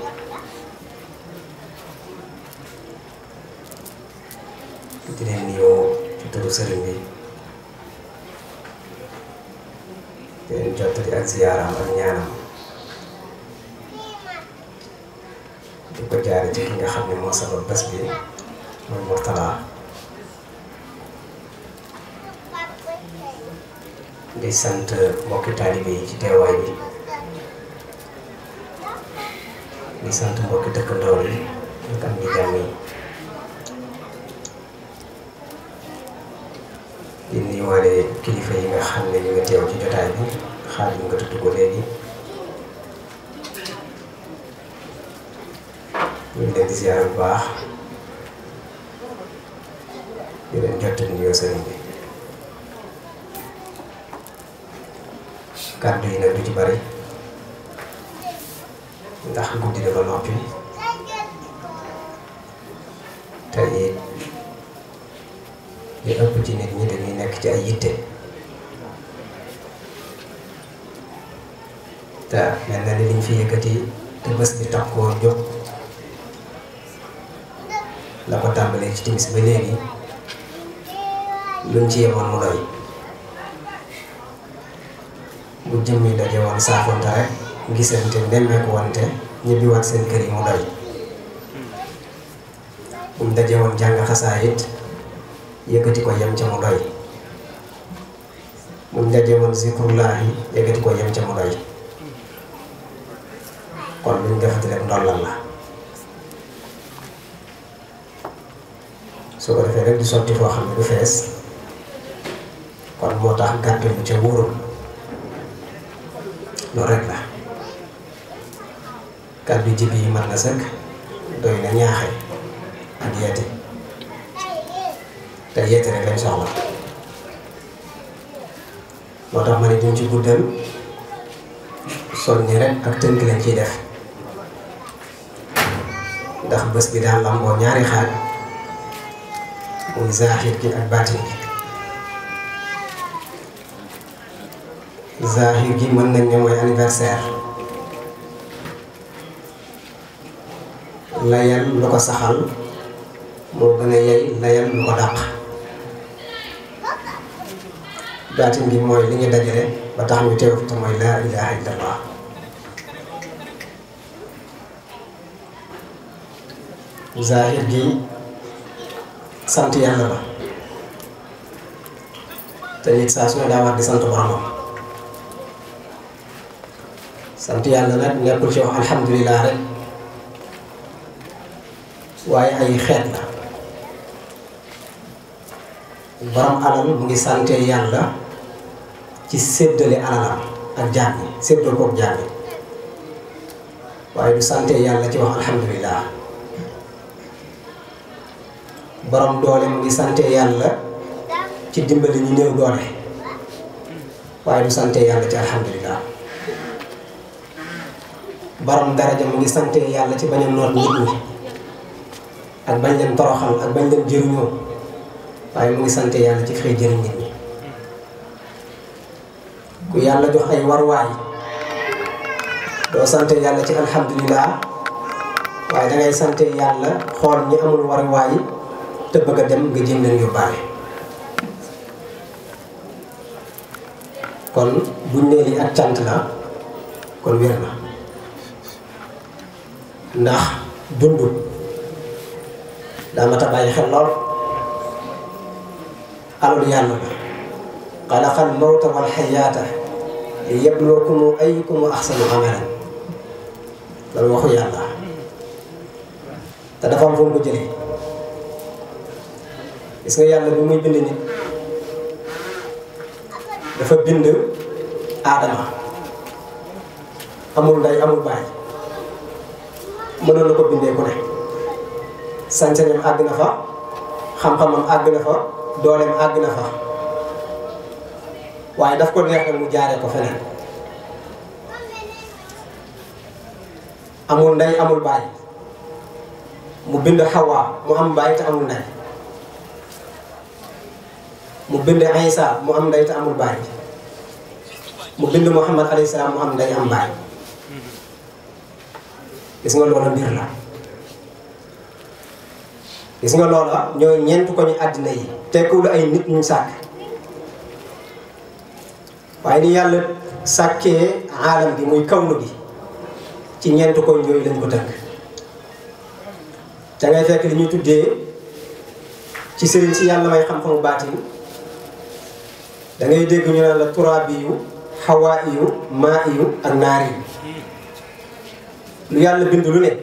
di leen nuyoo ci turu sëriñ bi. di leen jottali ak ziyaaraam ak ñaanam. di ko jaare ci ki nga xam ne moo sabab bi mooy Mourtala. di sant mbokki taalibe yi ci teewaay bi di sant mbokki dëkkandoo yi ak am ni jàmm yi di nuyuwaale kilifa yi nga xam ne ñu ngi teew ci jotaay bi xaar yi nga tudd ko léegi ñu ngi leen bu baax di leen jot nuyoo sëriñ bi garde yi nag du ci bari ndax guddi dafa noppi te it li ëpp ci nit ñi dañuy nekk ci ay yitte te mel na ni liñ fi yëkkati te bés bi tax koo jóg la ko tàmbalee ci timis ba léegi luñ ci yemoon mu doy bu jëmm yi daje woon saafonte rek gisante demmeeku wante ñibbiwaat seen kër yi mu doy bu mu daje woon jàng xasaayit yëkkati ko yem ca mu doy bu mu daje woon zikrullaahi yëkkati ko yem kon lu ñu defati rek ndollal la su ko defee rek di sotti foo xam ne du fees kon moo tax gàttal bu ca wóorul lo rek la kàddu jib yi mat la sëkk doy na ñaaxe ak yeete te yeete rek lañ soxla moo tax ma ne duñ ci guddal sonni rek ak tënk lañ ci def ndax bi da lambo ñaari xaar ki ak zaaxir gi mën nañ ni mooy anniversaire layal lu ko saxal moo gën a yey layal lu ko dàq baatin gi mooy li ñu dajale ba tax ñu te mooy laa ilaha illallah zaaxir gi sant yàlla la te nit saa su ne daa war di sant boromam sant yàlla nag nekkul ci wax alhamdulilah rek waaye ay xeet la borom alal mu ngi sante yàlla ci séddale ak jaam yi séddal koog jaam yi waaye ci wax alhamdulilah borom doole mu ngi sante yàlla ci dimbali ñu néew doole waaye du sante yàlla ci alhamdulilah borom daraja mu ngi sante yàlla ci bañ a noot ak bañ leen toroxal ak bañ leen jëriñoo waaye mu ngi sante yàlla ci xëy jëriñ nit ku yàlla jox ay warwaay doo sante yàlla ci alhamdulilah waaye dangay sante yàlla xool ñi amul warwaay te bëgg a dem nga jéem yu yóbbaale kon buñ nee lii ak cant la kon wér na ndax dundut daa a bàyyi xel lool alalu yàlla la xalaqal mawta wal xayaata liyabluwakum ayyukum ahsanu amalan loolu waxu yàlla te dafa am fu mu ko jëlee nga yàlla bi muy bind nit dafa bind aadama amul ndey amul baay mënoon na ko bindee ku ne sañ àgg na fa xam-xamam àgg na fa dooleem àgg na fa waaye daf ko neex mu jaaree ko feneen amul ndey amul baay mu bind xawaa mu am baay te amul ndey mu bind Isa mu am ndey te amul baay mu bind Muhammad alayhi salaam mu am ndey am baay gis nga loola mbir la gis nga loola ñoo ñeent ko ñu àddina yi tekkiwul ay nit ñu sàkk waaye ni yàlla sàkkee aalam bi muy kawlu bi ci ñeent ko yooyu lañ ko tënk da ngay fekk li ñu tuddee ci sëriñ si yàlla may xam-xamu baatin da ngay dégg ñu naan la tura yu xawaa yu maa yu ak lu yàlla bind lu ne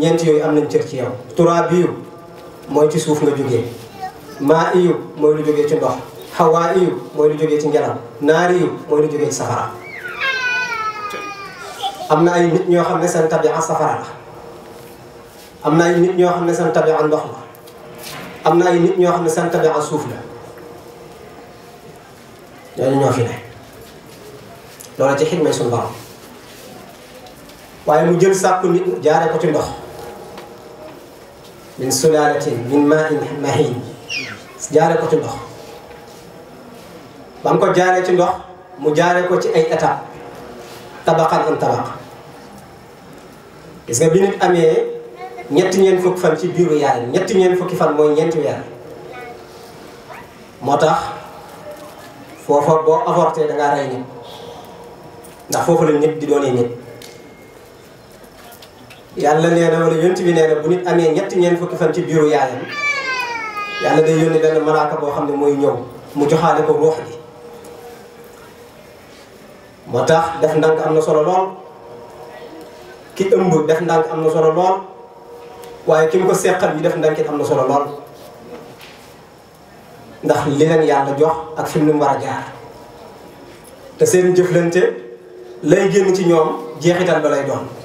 ñeenti yooyu am nañ cër ci yow turaabiyu mooy ci suuf nga jógee maa iyu mooy lu jógee ci ndox xawaa iyu mooy lu jógee ci ngelaw naari iyu mooy lu jógee ci safara am na ay nit ñoo xam ne seen a safara la am na ay nit ñoo xam ne seen tabia ndox la na ay nit ñoo xam ne seen tabia suuf la ñooñu ñoo fi ne loolu ci xikmay suñu borom waaye mu jël sàkku nit jaare ko ci ndox min sulaalatin min maa in mahin jaare ko ci ndox ba ko jaaree ci ndox mu jaare ko ci ay étape tabaqan an tabaq gis nga bi nit amee ñetti ñeent fukki fan ci biiru yaayam ñetti ñeent fukki fan mooy ñeenti weer moo tax foofa boo avorté da ngaa rey nit ndax foofu la nit di doonee nit yàlla nee na wala yonent bi nee na bu nit amee ñetti ñeent fukki fan ci biiru yaayam yàlla day yónni benn malaaka boo xam ne mooy ñëw mu joxaale ko ruux gi moo tax def ndànk am na solo lool ki ëmb def ndànk am na solo lool waaye ki seqal yi def ndànkit am na solo lool ndax li leen yàlla jox ak fi mu war jaar te seen jëflante lay génn ci ñoom jeexital ba lay doon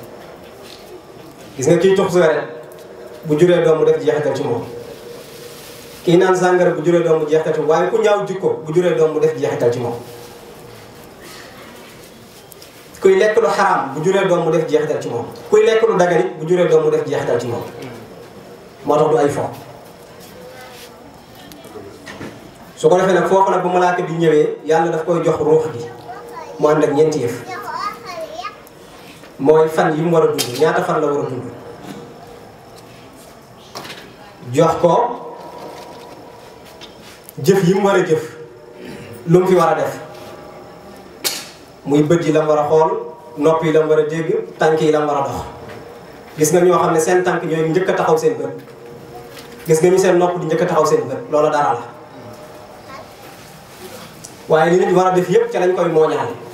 gis nga kii tux cigarette bu juree doom mu def jeexital ci moom kii naan sàngara bu juree doom mu jeexital ci moom waaye ku bu juree doom mu def jeexital ci moom kuy lekk lu xaraam bu juree doom mu def jeexital ci moom kuy lekk lu dagan juree doom mu def jeexital ci moom moo tax du ay fo su ko defee nag foofu nag bu malaaka bi ñëwee yàlla daf koy jox ruux gi mu ànd ak ñeenti yëf mooy fan yi mu war a dund ñaata fan la war a dund jox ko jëf yi mu war a jëf lu mu fi war a def muy bët yi la mu war a xool nopp yi la mu war a dégg tànk yi la mu war a dox gis nga ñoo xam ne seen tànk ñooy njëkk a taxaw seen bët gis nga ñu seen nopp di njëkk a taxaw seen bët loola dara la waaye li nit war a def yépp ca lañ koy mooñaale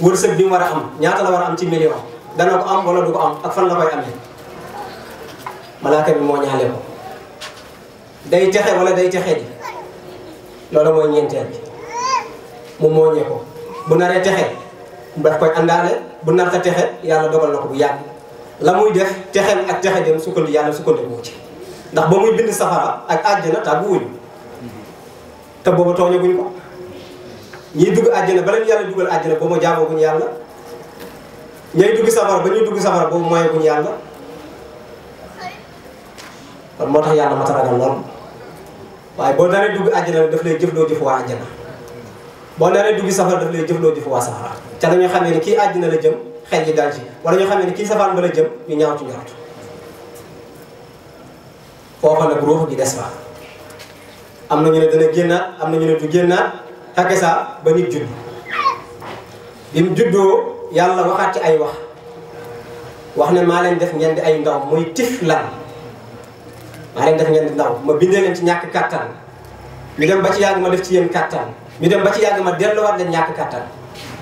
wërsëg bi mu war a am ñaata la war a am ci million dana ko am wala du ko am ak fan la koy amee malaaka bi moo ñaale ko day texe wala day texe di loolu mooy ñeenteel bi mu mooñee ko bu naree texe daf koy àndaale bu narta texe yàlla dogal na ko bu yàgg la muy def texem ak texe dem sukkandi yàlla sukkandiku ci ndax ba muy bind safara ak àjjana tàgguwuñu te booba tooñaguñ ko ñi dugg aljana ba leen yàlla duggal aljana ba ma jaamoo ko yàlla ñay dugg safara ba ñuy dugg safara boobu moye ko yàlla kon moo tax yàlla ma taragal lool waaye boo naree dugg aljana daf lay jëfloo jëf waa aljana boo naree dugg safara daf lay jëfloo jëf waa safara ca la ñu xamee ni kii aljana la jëm xel yi dal ci wala ñu xamee ni kii safaan ba la jëm ñu ñaaw ci ñort foofa nag ruux di des ba am na ñu ne dana génnaat am na ñu ne du génnaat Takessa ba nit judd dim juddo yalla waxat ci ay wax wax ma len def ngend di ay ndaw moy tiflam ma len def ngend ndaw ma bindee len ci ñak katan mi dem ba ci yag ma def ci yeen katan mi dem ba ci yag ma wat len ñak katan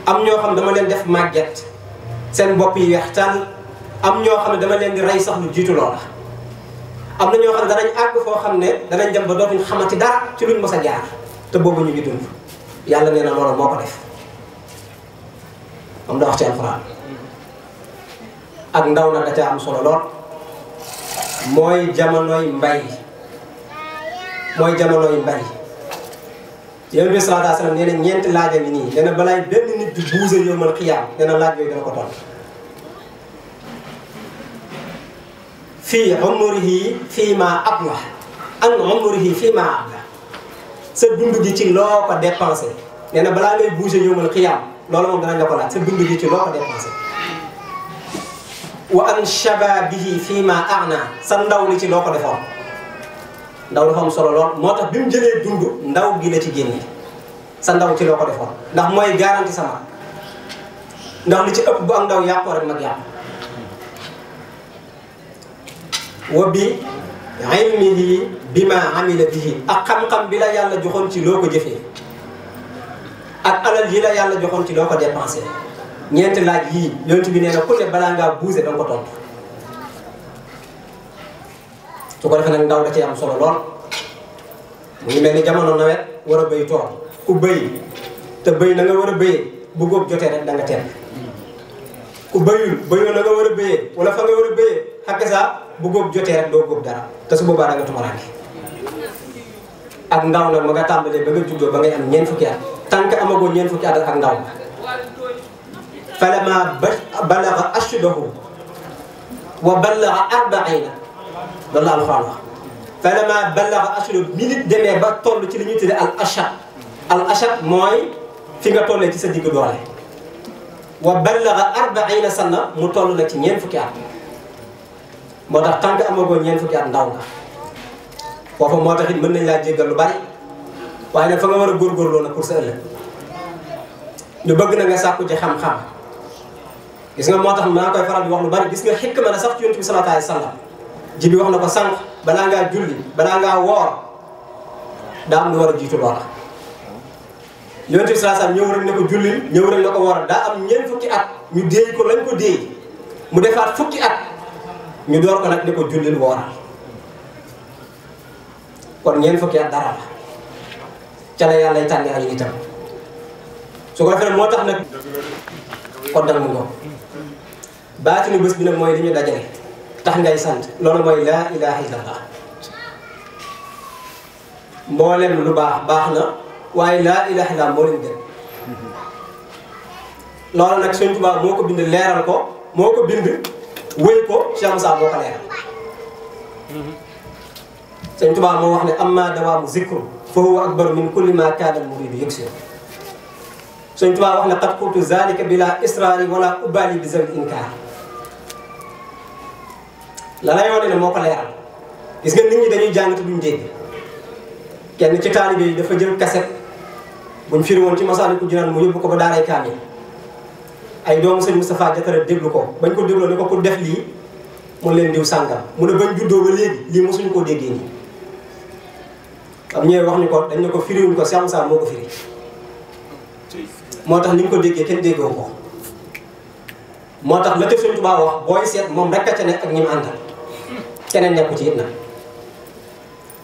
am ño xam dama len def magget sen bop yi weextaan am ño xam dama len di ray sax lu jitu loola am na ño xam ne danañ àgg foo xam ne dem ba dootuñ xamati dara ci luñu mësa jaar te bobu ñu ngi dund yàlla nee na loolu moo ko def moom da wax ci alxuraan ak ndaw na da ca am solo lool mooy jamonoy mbay mooy jamonoy mbay yonent bi sallallahu alayhi wasallam nee na ñeenti laaj nii nee na balaay benn nit di buuse yowmal xiyaam nee na laaj dana ko tontu fii umrihi fii maa abla an umrihi fii maa abla sa dund gi ci loo ko dépensé nee balaa ngay bougé yowmal xiyaam loolu moom danañ la ko laaj sa dund gi ci loo ko dépensé wa an shababihi fii ma ana sa ndaw li ci loo ko defoon ndaw solo lool moo bi mu jëlee ndaw gi la ci génne sa ndaw ci loo ko defoon ndax mooy garanti sama ndax li ci ëpp bu am ndaw yàqoo rek mag yàqu wa ilmihi bima amila bihi ak xam-xam bi la yàlla joxoon ci loo ko jëfee ak alal yi la yàlla joxoon ci loo ko dépensé ñeenti laaj yii yonent bi nee na ku ne balaa ngaa buuse danga ko tontu su ko defee nag ndaw da ci am solo lool mu mel ni jamono nawet war a béy tool ku béy te béy na nga war a béyee bu góob jotee rek da nga teel ku béyul béyoo na nga war a béyee wala fa nga war a béyee hakaza bu góob jotee rek doo góob dara te su boobaa da nga tumaraange ak ndaw la ma nga tàmbalee ba nga juddoo ba ngay am ñeent fukki at tant que amagoo ñeent fukki at ak ndaw فلما بلغ أشده وبلغ أربعين loolu alxuraan wax فلما بلغ أشده bi nit demee ba toll ci li ñuy tuddee al ashab al ashab mooy fi nga tollee ci sa digg doole wa ballagha arbaina sanna mu toll nag ci ñeent fukki at motax tank tant que fukki at ndaw nga fofu motax it mën nañ la jéggal lu bari waye na fa nga gor a lo nak pour sa ëlëk ñu bëgg na nga sakku ci xam-xam gis nga motax tax koy faral di wax lu bari gis nga hikma na sax ci yonent bi sallallahu alayhi wasallam ji bi wax na ko sànq balaa nga julli balaa nga wor da am lu war jitu jiitu loola yonent bi sallallahu alayhi wasallam ñew rek ne ko julli ñew rek ne ko woor daa am ñeent fukki at ñu déey ko lañ ko déey mu defaat fukki at ñu door ko nak ni jullil wooral kon ñeen fukki ak dara ci la yalla tan ay itam su ko defal motax nak ko dal mu ngoog baatinu bés bi nak moy li ñu dajale tax ngay sant lolu moy la ilaha illallah mbolem lu bax bax na waye la ilaha illallah mo leen de lolu nak Sëñ Tuubaa moko bind leral ko moko bind wéy ko Cheikh Moussa boo ko leer sëñ Tuubaa moo wax ne amma dawaamu zikru fa huwa akbar min kulli ma kaana al-muriidu yuksir sëñ Tuubaa wax ne qad qultu zalika bila israari wala ubali bi zawi inkaar la lay wane ne moo ko leeral gis nga nit ñi dañuy jàng te duñ dégg kenn ci taalibe yi dafa jël kaset buñ firi woon ci ku Jinaan mu yóbbu ko ba daaray kaamil ay doomu sëñ Moustapha Diatara déglu ko bañ ko dégloo ne ko ku def lii mun leen diw sàngam mu ne bañ juddoo ba léegi lii mosuñu koo déggee nii. am ñooy wax ni ko dañ ne ko firiwuñ ko Cheikh Moussa moo ko tax ni ñu ko déggee kenn déggoo ko moo tax la te sëñ Tuubaa wax booy seet moom rek a ca nekk ak ñu mu àndal keneen nekku ci it nag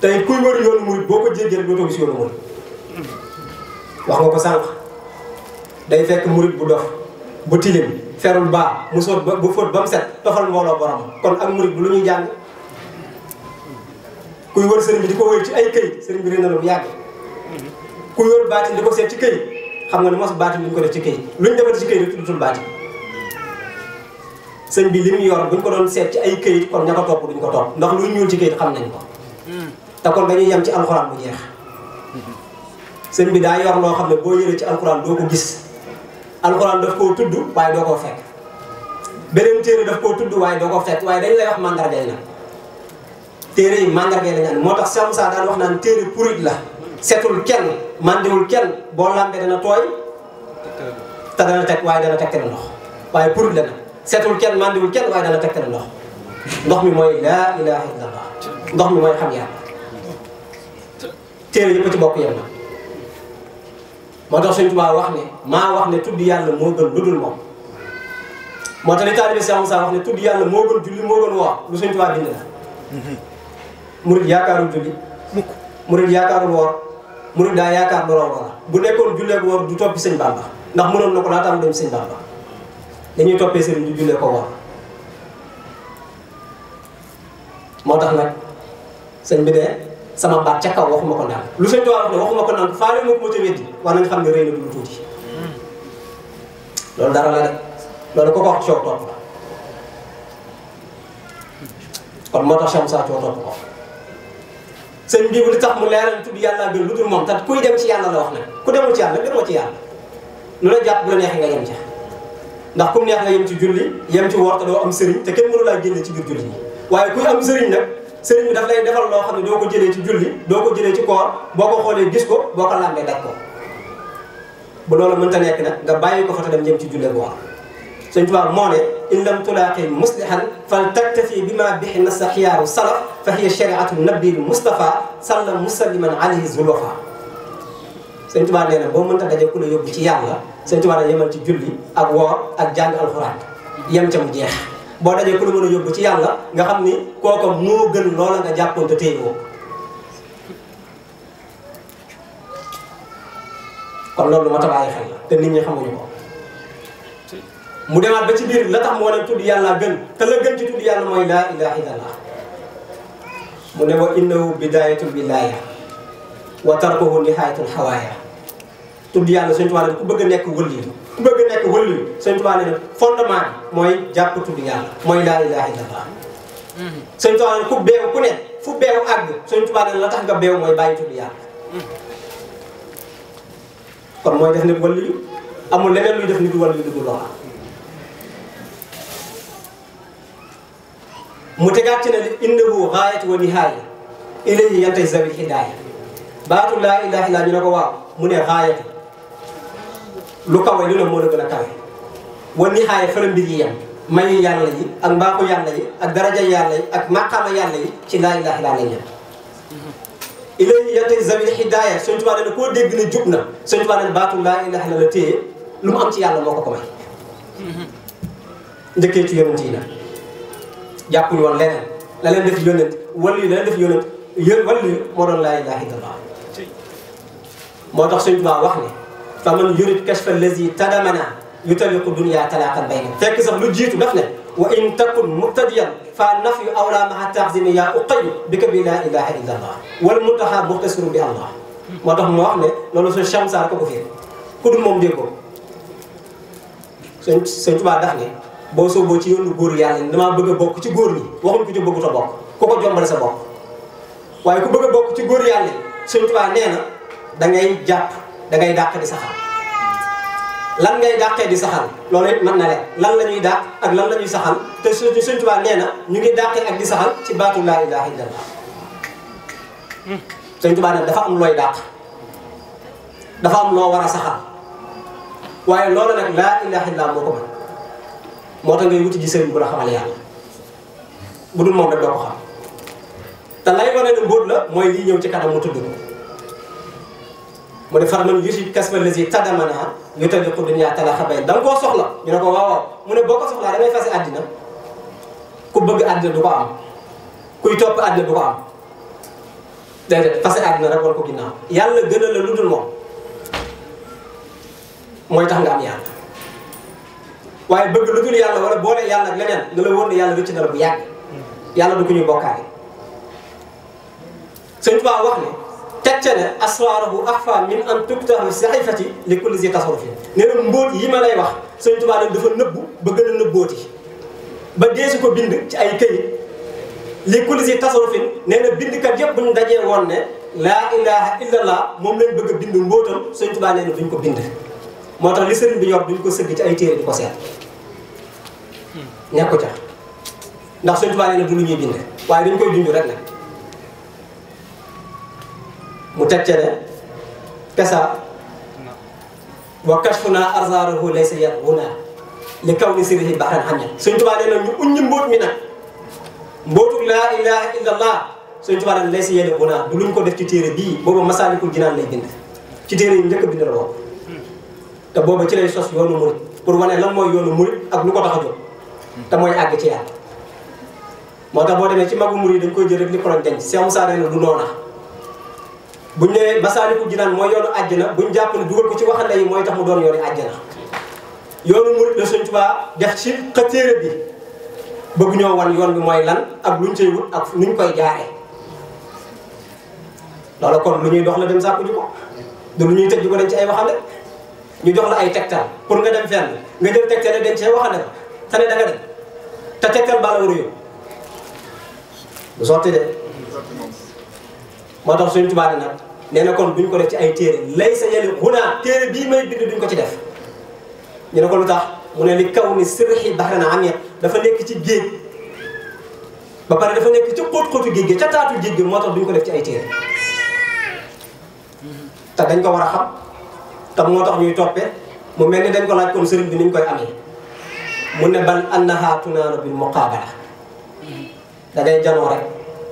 tey kuy wër yoonu murit boo ko jéggee rek dootoo gis yoonu murit wax nga ko sànq day fekk murit bu dof bu tilim ferul baax mu sóot ba bu fóot ba mu set tofal mbooloo borom kon ak murit bu lu ñuy jàng kuy wër sëriñ bi di ko wër ci ay këy sëriñ bi réer na lu mu yàgg kuy wër baatin di ko seet ci xam nga ne mos baatin duñ ko def ci këy luñ defati ci këy rek tuddutul baatin sëñ bi li mu yor buñ ko doon seet ci ay këyit kon ña ko topp duñ ko topp ndax lu ñuul ci këyit xam nañ ko te kon dañuy yem ci alxuraan bu jeex sëñ bi daa yor loo xam ne boo yëree ci alxuraan doo ko gis alquran daf ko tudd waaye do ko fek benen téere daf ko tudd waaye do ko fek waaye dañ lay wax mandarga la nag mandarga la ñaan motax moo tax daan wax naan téere purit la setul kenn mandewul kenn bo lambe dana toy ta dana tek waaye dana tegtale ndox waaye purit la setul kenn mandewul kenn way dana tegtale ndox ndox mi moy la ilaha illallah ndox mi moy xam ya téere yëpp ci bokk yem moo tax Sëñ Tuubaa wax ne maa wax ne tudd yàlla moo gën lu dul moom moo tax li taalibe Cheikh ne tudd yàlla moo gën julli moo gën woor lu Sëñ Tuubaa bind la murid yaakaarul julli murid yaakaarul woor murid daa yaakaar borom woor bu nekkoon jullee ko woor du toppi Sëñ Bàmba ndax mënoon na ko laataam dem Sëñ Bàmba dañuy toppee sëriñ du jullee ko woor moo tax nag sëñ bi de sama baat ca kaw waxuma ko naan lu sëñ Tuubaa ko naan faale moo ko ma tawétdi war nañ xam ne rëy na du lu tuuti loolu dara la de loolu ko ko wax coow topp tax Cheikh Moussa coow ko sëñ bii li tax mu leeral tudd yàlla gën lu dul moom te kuy dem ci yàlla la wax nag ku demul ci yàlla demoo ci yàlla lu la jàpp bu la neexee nga yem ca ndax kum neex nga yem ci julli yem ci woor te doo am sëriñ te kenn mënu laa génne ci biir julli waaye kuy am sëriñ nag sëriñ bi daf lay defal loo xam ne doo ko jëlee ci julli doo ko jëlee ci koor boo ko xoolee gis ko boo ko làmbee ko bu loolu mënta nekk nag nga bàyyi ko fa te dem jëm ci jullee bu war sëñ Tuubaa moo ne in lam tulaaqi muslihan fal taktafi bi ma bixi nasa xiyaaru salaf fa hiya shariatu nabil mustafa salla musalliman alayhi zulofa sëñ Tuubaa nee na boo mënta daje ku la yóbbu ci yàlla sëñ Tuubaa ne yemal ci julli ak woor ak jàng alxuraan yem ca mu jeex bo dajé ko la mën a ci yalla nga xamni koko mo gën loolu nga jàppoon te téye ko kon loolu mata baye xel te nit ñi xamuñu ko mu demat ba ci bir la tax mo leen tuddi yalla gën te la gën ci tuddi yalla moy la ilaha illallah mu ne wa innahu bidayatu billahi wa tarkuhu nihayatul hawaya tuddi yalla suñu tubaab ku bëgg a nekk wëlliitu ku bëgg nekk wëlliw sëñ Tuubaa nee na fondement bi mooy jàpp tudd yàlla mooy laa ilaaha illallaah mhm. sëñ Tuubaa nee ku beew nga beew mooy bàyyi mhm. mooy def nit amul leneen luy def nit wëlliw dugg loola mu tegaat ci ne innahu gaayatu wa nihaaya ilayhi yantahi zawil hidaaya baatu laa ilaaha illallaah ñu ne ko waaw mu ne gaayatu lu kawe lu ne moo la gën a kawe wan ni xaaye fële mbir yi yam mayu yi ak mbaaxu yàlla yi ak daraja yàlla yi ci laa ilaaha illa la ilay yate zamil hidaaya Sëñ ne koo dégg ne jub na Sëñ Tuubaa ne baatu laa la téye lu mu ci yàlla moo ko ko may njëkkee ci yonent yi la jàppuñu woon leneen la leen def yonent wala la leen def yonent yë wala moo doon laa ilaaha illa llaah moo tax Sëñ Tuubaa wax ne فمن يريد كشف الذي تدمنا يطلق الدنيا تلاقا بينه تكس بلجيت بفنا وان تكن مبتديا فالنفي اولى مع التعظيم يا اقي بك بلا اله الا الله والمتها مقتصر بالله ما تخ مو واخني لولو سي شام سار كوفي كود موم ديكو سنت سنت با داخني بو سو بو تي يوندو غور بوك بوك تي غور ني واخون كي تي بوك تا بوك كوكو جومبال بوك واي كو سنت با نينا دا ngay da ngay dàq di saxal lan ngay dàqee di saxal loolu it na leen lan la ñuy dàq ak lan la ñuy saxal te surtout Sëñ Tuubaa nee na ñu ngi dàqee ak di saxal ci baatu laa ilaaha illallaah Sëñ Tuubaa nag dafa am looy dàq dafa am loo war a saxal waaye loolu nag laa ilaaha illallaah moo ko mën moo tax ngay wuti ji sëriñ bu la xamal yàlla bu dul moom rek doo ko xam te lay wane ne mbóot la mooy lii ñëw ci kanam mu tudd mu ne far man yusuf kasma lesi tadamana yu tadi ko dunya tala xabay da nga koo soxla ñu ne ko waaw mu ne boo ko soxlaa da ngay fase àddina ku bëgg àddina du ko am kuy topp àddina du ko am déedéet fase àddina rek yàlla gën la lu dul moom mooy tax nga am yàlla waaye bëgg lu dul yàlla wala boole yàlla ak leneen nga la wóor yàlla rëcc na bu yàgg yàlla du ko ñuy bokkaale sëñ Tuubaa wax ne teg ca ne asraarahu axfaa min an tuktahu saxifati li kulli zi tasarrufi nee na mbóot yi ma lay wax Sëñ Tuubaa dafa nëbbu ba gën a nëbbooti ba si ko bind ci ay këyit li kulli zi tasarrufin nee na bindkat yëpp ñu dajee woon ne laa ilaha illallah moom lañ bëgg a bind mbóotam Sëñ Tuubaa nee na duñ ko bind moo tax li sëriñ bi yor duñ ko sëgg ci ay téere di ko seet nekku ca ndax Sëñ Tuubaa nee na du lu ñuy bind waaye dañ koy dund rek nag mu teg ca ne kasa wa kashfuna arzarahu laysa yaghuna li si sirrihi bahran hamia Sëñ Tuubaa nee na ñu uññi mbóot mi nag mbóotu laa ilaha illa allah Sëñ Tuubaa nag laysa yaghuna du luñ ko def ci téere bii booba ko Jinaan lay bind ci téere yi njëkk bind la woon te booba ci lay sos yoonu murit pour wane lan mooy yoonu murit ak lu ko tax a te mooy àgg ci yàlla moo tax boo demee ci magu murit dañ koy jël rek li ko doon denc Cheikh Moussa nee na du buñ né ne ko jinan mooy yoonu aljana buñ japp ne duggal ko ci waxal lay moy tax mu doon yoonu aljana yoonu murid la Sëñ Tuubaa def ci xëtéere bi bëgg ñoo wan yoon bi moy lan ak luñ cey wut ak nuñ koy jaaré loolu kon lu ñuy dox la dem sàkku ji ko du lu ñuy tëj ko dañ ci ay waxande ñu dox la ay tektal pour nga dem fenn nga jël tektal dañ ci waxal waxande tane da nga dem te tegtal bala wuru yow du sotti de moo tax Sëñ Tuubaa nag nee na kon duñ ko def ci ay téere lay sa yali huna téere bii may bind duñ ko ci def ñu ne ko lu tax mu ne ni kaw ni sirxi baxran amiq dafa nekk ci géej pare dafa nekk ci xóot-xóotu géej gi ca taatu géej gi moo tax ko def ci ay téere te dañ ko war a xam te moo tax ñuy toppee mu mel ni dañ ko laaj kon bi niñ koy amee mu ne bal annaha tunaalu bil muqaabala da ngay janoo rek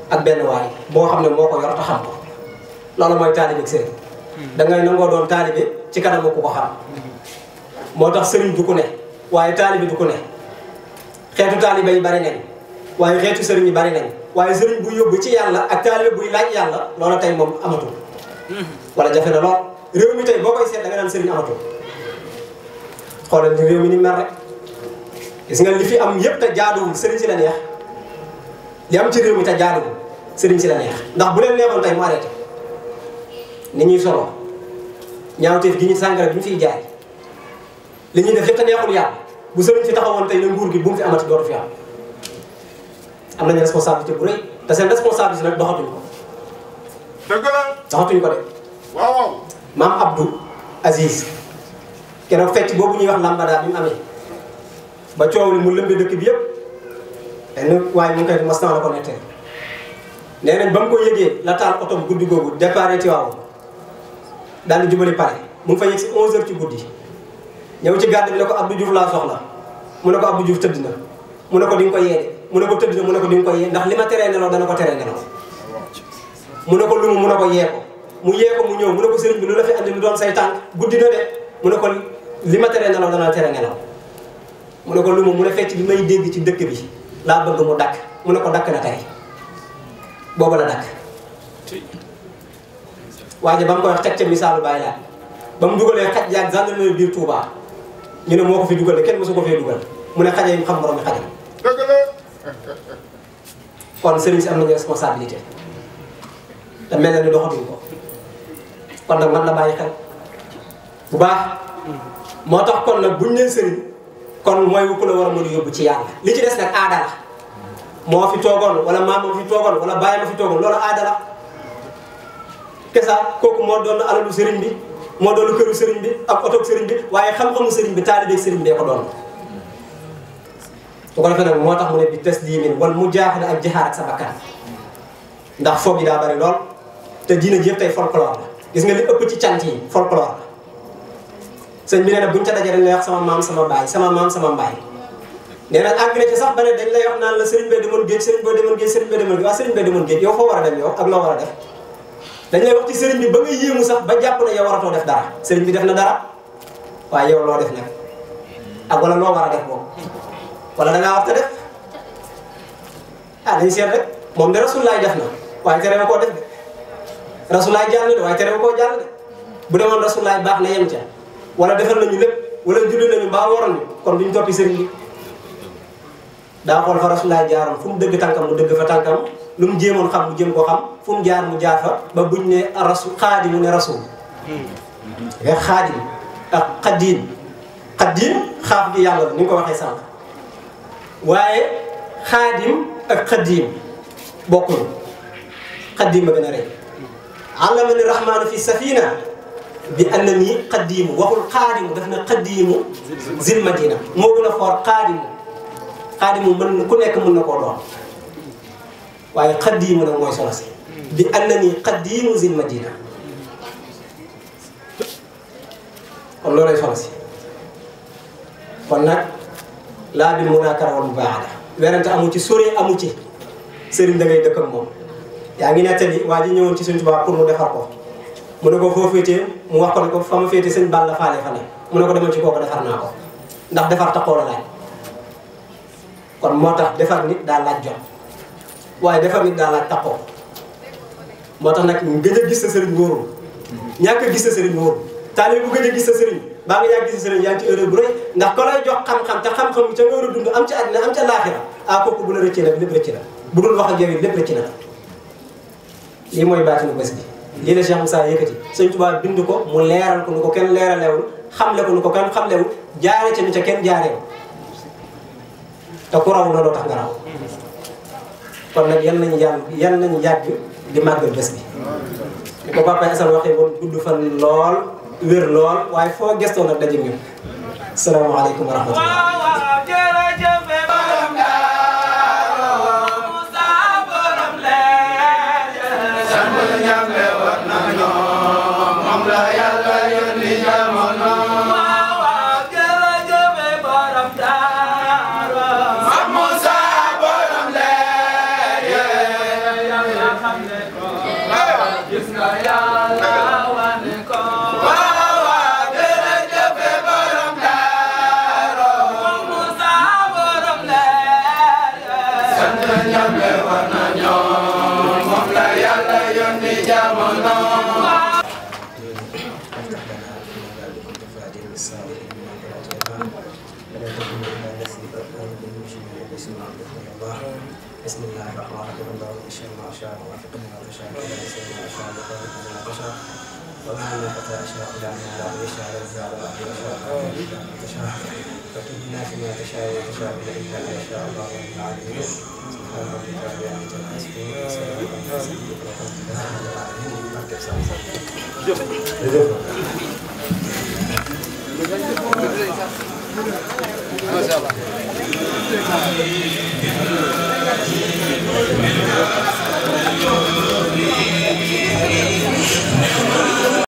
ak benn waay boo xam ne moo ko yor te xam ko loolu mooy taalibe ak sëriñ hmm. da ngay nangoo doon taalibe ci kanamu ku ko xam hmm. moo tax sëriñ du ku ne waaye taalibe du ko ne xeetu taalibe yi bari nañ waaye xeetu sëriñ yi bari nañ waaye sëriñ buy yóbbu ci yàlla ak taalibe buy laaj yàlla loola tey moom amatul hmm. wala jafe na lool réew mi tey boo koy seet da nga naan sëriñ amatul ni mer rek gis nga li fi am yëpp te jaaduwul sëriñ si la neex li am ci réew mi te jaaduwul sëriñ si ndax bu leen neexoon tey mu arrêté ni ñuy solo ñaawteef gi ñu sàngara bi ñu fiy jaay li ñuy def lépp te neexul yàlla bu sëriñ fi taxawoon tey ne nguur gi bu mu fi amati dootu fi am am nañu responsabilité bu rëy te seen responsabilité nag doxatuñ ko. dëgg la doxatuñ ko de. waaw waaw. maam Abdou Aziz keroog fecc boobu ñuy wax lambada bi mu amee ba coow li mu lëmbee dëkk bi yëpp benn waaye mu ngi koy mas na la ko nettee nee nañ ba mu ko yëgee la taal otom guddi googu départ Tiwaawan daal di jubali pare mu ngi fa yegg si 11h ci guddi ñëw ci gàdd bi ne ko Abdou Diouf laa soxla mu ne ko Abdou Diouf tëdd na mu ne ko di ko yee mu ne ko tëdd na mu ne ko di ko yee ndax li ma teree nelaw dana ko teree nelaw mu ne ko lumu mu ne ko yee mu yee ko mu ñëw mu ne ko sëriñ bi lu la doon say tànk guddi na de mu ko li ma teree nelaw dana teree nelaw mu ne ko lumu mu ne fecc bi may dégg ci dëkk bi laa bëgg mu dakk mu ne ko dakk na tey boobu la dakk waaye ba mu koy wax xaj ca misaalu bàyyi laat ba mu dugalee xaj yaag gendarmerie biir Touba ñu ne moo ko fi dugal kenn mësu ko fee dugal mu ne xaja yi mu xam borom mi xaja dëgg kon sëriñ si am nañu responsabilité te mel na ni doxatuñ ko kon nag man la bàyyi xel bu baax moo tax kon nag buñ leen sëriñ kon mooy ku la war a mën a yóbbu ci yàlla li ci des nag aada moo fi toogoon wala maam moo fi toogoon wala bàyyi ma fi toogoon loolu aada kesaar kooku moo doon alalu sëriñ bi moo doon këru sëriñ bi ak otoog sëriñ bi waaye xam-xamu sëriñ bi taalibeeg sëriñ bee ko doon su ko defee nag moo tax mu ne bi taslimin wal mu jaaxle ak jihaar ak ndax foog yi daa bari lool te diine tey folklore gis nga li ëpp ci cant yi folklore la sëñ bi nee na buñ ca dajee dañ lay wax sama maam sama baay sama maam sama mbaay nee na foo war a dem yow ak loo war a def dañ lay wax ci sëriñ bi ba nga yéemu sax ba jàpp na yow waratoo def dara sëriñ bi def na dara waaye yow loo def nag ak wala loo war a def moom wala da ngaa war def ah dañ seet rek moom de rasulaay def na waaye tere ma koo def de rasulaay jàll de waaye tere ma koo jàll de bu demoon rasulaay baax na yem ca wala defal nañu lépp wala julli nañu mbaa waroon ñu kon duñ toppi sëriñ bi daa xool fa rasulallah jaar fu mu deug tànkam mu deug fa tànkam lu mu jemon xam mu jëm ko xam fu mu jaar mu jaar fa ba buñ ne rasul xaadi ne rasul ya khadim ak qadim qadim xaaf gi yàlla ni ko waxe sank waye khadim ak qadim bokkuñu qadim a gën a rey allamani rahmaanu fi safina bi annani qadim waxul xaadimu daf na xaddiimu zil madina mo gëna for qadim xaadimu mën ku nekk mën na koo doon waaye xaddiimu nag mooy solo si bi ànd na nii ni xaddiimu zil madina kon loolay solo si kon nag laa bi munaakara wal mubaaxada werante amu ci sore amu ci sëriñ da ngay dëkk ak moom yaa ngi nettali waa ji ñëwoon ci suñ tubaab pour mu defar ko mu ne ko foo féetee mu wax ko ne ko fa ma féetee sëñ Balla Faale fa ne mu ne ko demal ci kooku defar naa ko ndax defar taxoo la laaj kon moo tax defar nit daa laaj jot waaye defar nit daa laaj taxaw moo tax nag gëj a gis sa sëriñ wóorul ñàkk a gis sa sëriñ wóorul taalibe bu gëj a gis sa sëriñ baa nga yàgg gis sëriñ yaa ngi ci erreur bu rëy ndax ko lay jox xam-xam te xam-xam ca nga war dund am ci àddina am ca laaxira ah kooku bu la rëccee nag bu dul wax ak lépp rëcc na lii mooy baatinu bés bi lii la Cheikh Moussa yëkkati sëñ Tuubaa bind ko mu leeral ko nu ko kenn leeralewul xam ko nu ko kenn xamlewul jaare ca nu ca kenn jaaree te ku raw looloo tax nga raw kon nag yan nañu yàgg yan nañu yàgg di màggal bés bi ni ko Papa Assane waxee woon gudd fan lool wér lool waaye foo gestoo nag daje ñun salaamaaleykum wa rahmatullah أنت أشرف العلماء ويشرح الرزاق وأشرف وتشرح وتهدنا فيما تشاء وتشاء إليك ما شاء الله رب العالمين سبحان ربك رب العزة عما يصفون وسلام على ما شاء الله Thank you.